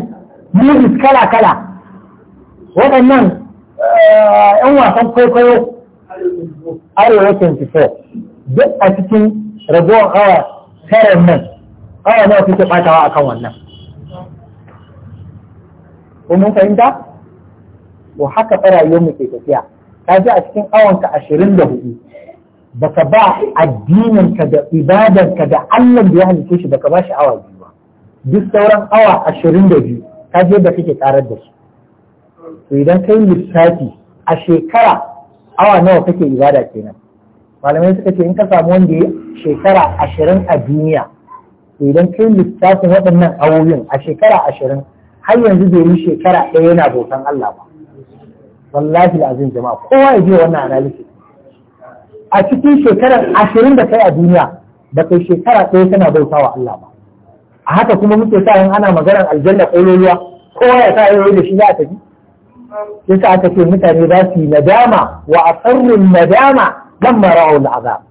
movies kala-kala waɗannan yan eh, wasan kwaikwayo arewa 24 duk a cikin ragowar awa tarar nan awa nawa kuke a akan wannan ko mun fahimta to haka yau mu ke tafiya ka ji a cikin awanka ashirin da hudu baka ba addinin ka da ibadar ka da Allah da ya halice shi baka ba shi awa biyu ba duk sauran awa ashirin da biyu ka je da kake karar da su to idan kai lissafi a shekara awa nawa kake ibada kenan malamai suka ce in ka samu wanda ya shekara ashirin a duniya to idan kai lissafin waɗannan awoyin a shekara ashirin har yanzu bai yi shekara ɗaya yana bautan Allah ba wallahi azim jama'a kowa ya je wannan analysis a cikin shekarar ashirin da kai a duniya da kai shekara ɗaya kana bauta wa Allah ba a haka kuma muke sa yin ana maganar aljanna ƙololuwa kowa ya sa yoyo da shi za a tafi sa aka ce mutane za su yi nadama wa asarrin nadama dan mara'u al'azab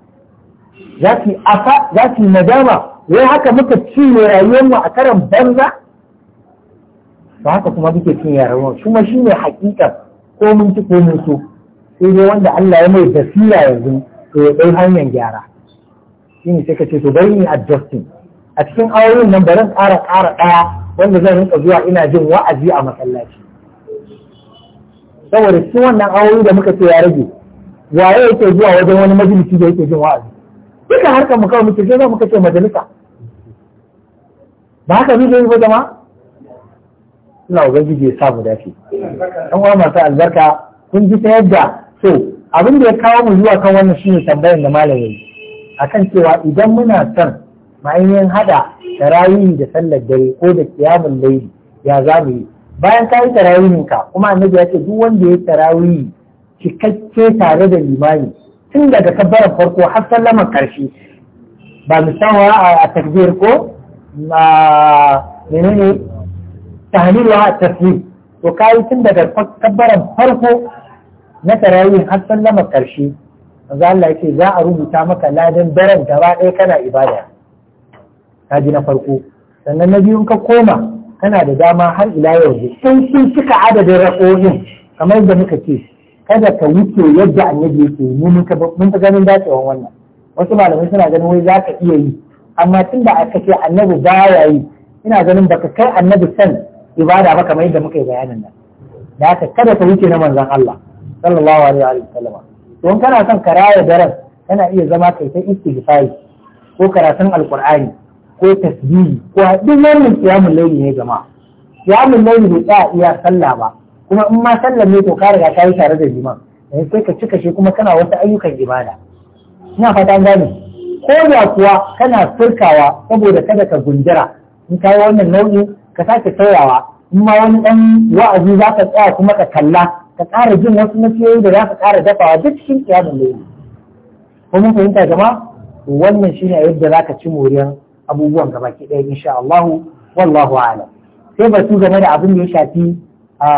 za su afa za su yi nadama wai haka muka cinye rayuwar mu a karan banza ba haka kuma muke cinye rayuwar kuma ne hakikan ko mun ci ko mun so sai dai wanda Allah ya mai basira yanzu to ya hanyar gyara shi ne sai ka ce to bari ni adjusting a cikin ayoyin nan bari ƙara ƙara ɗaya wanda zan rinka zuwa ina jin wa'azi a masallaci saboda cikin wannan ayoyi da muka ce ya rage waye yake zuwa wajen wani majalisi da yake jin wa'azi duka harkar mu kawai muke sai za mu kace majalisa ba haka zai ba jama'a ina ubangiji ya sa mu dace an wa masu albarka kun ji ta yadda so abin da ya kawo mu zuwa kan wannan shine tambayar da malam yayi akan cewa idan muna son ma'ainihin hada tarawihi da sallar dare ko da kiyamun laili ya za mu yi bayan ka yi tarawihin ka kuma annabi ya ce duk wanda ya yi tarawihi cikakke tare da limami tun daga kabbarar farko har sallamar karshe ba musamman a takbir ko menene tahlilu a tasbih to kai tun daga kabbaran farko na tarawih har sallama karshe manzo Allah yake za a rubuta maka ladan daren gaba ɗaya kana ibada kaji na farko sannan na biyu ka koma kana da dama har ila yanzu in sun cika adadin raƙoƙin kamar da muka ce kada ka wuce yadda annabi yake ni mun ta ganin dacewan wannan wasu malamai suna ganin wai za ka iya yi amma tun da aka ce annabi baya yi ina ganin baka kai annabi san ibada ba kamar yadda muka yi bayanin nan da haka kada ka wuce na manzon Allah sallallahu alaihi wa sallama don kana son karaya daren kana iya zama kai ta istighfari ko karatun alqur'ani ko tasbihi ko duk wannan qiyamul layli ne jama'a qiyamul layli bai tsaya iya sallah ba kuma in ma sallar ne to ka riga ka yi tare da liman yanzu eh, sai ka cika shi kuma kana wasu ayyukan ibada ina fata gane ko da kuwa kana furkawa saboda kada ka gunjira in ka yi wannan nau'i ka sake sauyawa in ma wani dan wa'azi za ka tsaya kuma ka kalla ka ƙara jin wasu nasiyoyi da za ka ƙara dafawa duk cikin kiyamun laili ko mun fahimta jama'a wannan shine yadda za ka ci moriyar abubuwan gaba ki ɗaya insha Allah wallahu a'lam sai batu game da abin da ya shafi a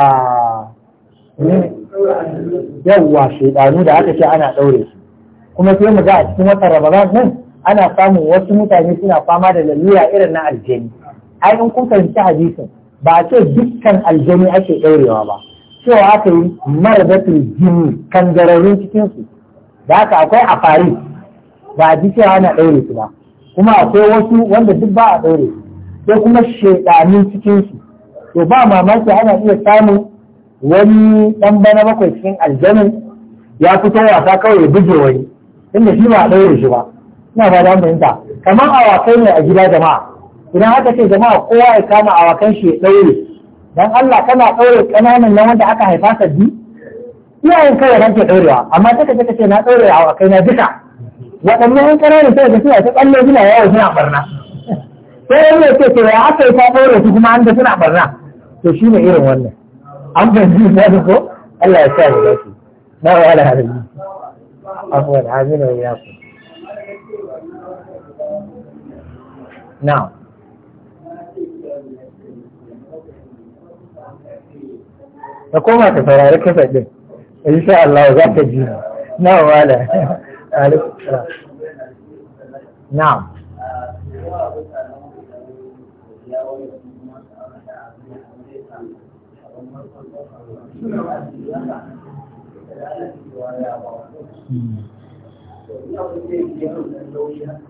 yawwa shaidanu da aka ce ana ɗaure su kuma sai mu ga a cikin watan Ramadan nan ana samun wasu mutane suna fama da lalura irin na aljani ai in kun fahimci hadisin ba a ce dukkan aljani ake ɗaurewa ba cewa aka yi marzatul jini kangararrun cikinsu da aka akwai a fari ba a ji cewa ana ɗaure su ba kuma akwai wasu wanda duk ba a ɗaure su sai kuma shaidanin cikinsu to ba mamaki ana iya samun wani ɗan bana bakwai cikin aljanin ya fito wasa kawai ya buge wani inda shi ba a ɗaure shi ba ina ba da fahimta kamar awakai ne a gida jama'a idan haka ce jama'a kowa ya kama awakan shi ya ɗaure dan Allah kana ɗaure ƙananan nan wanda aka haifa sabbi iyayen kawai nan ke ɗaurewa amma take take ce na ɗaure a kai na duka waɗannan yan ƙananan sai ka suna ta tsalle suna yawo suna barna sai wani ya ce to ya aka yi ta ɗaure su kuma an da suna barna to shi ne irin wannan an ji na ko Allah ya sa mu dace na wa ala hadin afwan amina ya ku na'am ka koma ka saurari kasa ɗin insha Allah za ka ji na wala Na.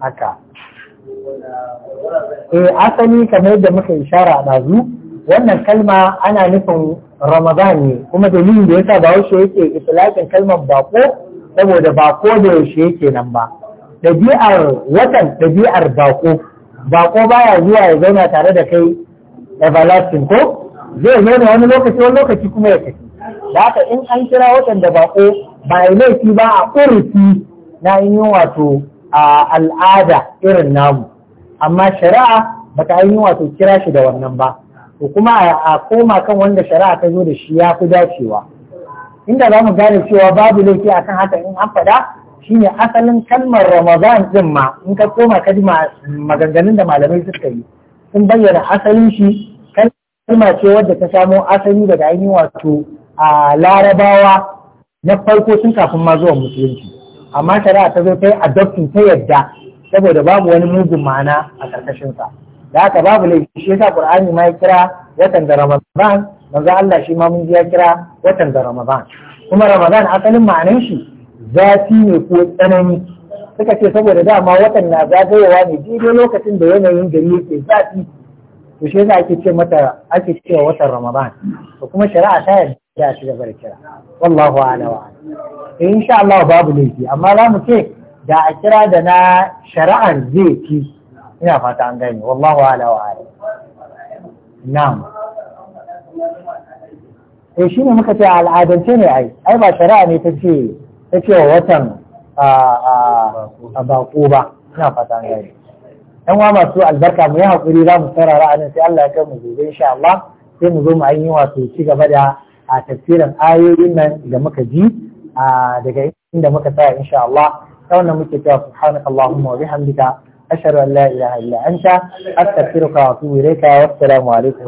haka eh asali kamar yadda muka ishara a ɗazu wannan kalma ana nufin ramadan ne kuma dalilin da yasa ba wasu yake itlaqin kalmar bako saboda bako da yaushe yake nan ba Ɗabi'ar watan dabi'ar bako bako baya zuwa ya zauna tare da kai everlasting ko zai zauna wani lokaci wani lokaci kuma ya tafi da haka in an kira watan da bako ba ya laifi ba a ƙurufi na yin wato a al'ada irin namu amma shari'a bata ainihin wato kira shi da wannan ba to kuma a koma kan wanda shari'a ta zo da shi ya fi dacewa inda za mu gane cewa babu laifi akan haka in an faɗa shine asalin kalmar ramadan ɗin ma in ka koma ka ji maganganun da malamai suka yi sun bayyana asalin shi kalma ce wadda ta samo asali daga ainihin wato a larabawa na farko tun kafin ma zuwa musulunci amma shari'a ta zo ta yi adoptin ta yadda saboda babu wani mugun ma'ana a ƙarƙashinsa. da haka babu laifi shi yasa qur'ani ma ya kira watan da ramadan manzo Allah shi ma mun ji ya kira watan da ramadan kuma ramadan asalin ma'anar shi zafi ne ko tsanani suka ce saboda dama watan na zagayowa ne daidai lokacin da yanayin gari yake zafi to shi yasa ake ce mata ake cewa watan ramadan to kuma shari'a ta yarda shi gaba da kira wallahu a'lam wa eh, insha Allah babu laifi amma za mu ce da a kira da na shari'ar zai fi ina fata an gani wallahu ala wa ala na'am eh shine muka ce al'adance ne ai ai ba shari'a ne ta ce ta ce watan a bako ba ina fata an gani yan wa masu albarka mu yi haƙuri za mu saurara anan sai Allah ya kai mu gobe insha Allah sai mu zo mu an yi wato ci gaba da a tafsirin ayoyin nan da muka ji daga inda muka tsaya insha Allah ta wannan muke cewa subhanakallahumma wa bihamdika أشهد أن لا إله إلا أنت أستغفرك وأتوب إليك والسلام عليكم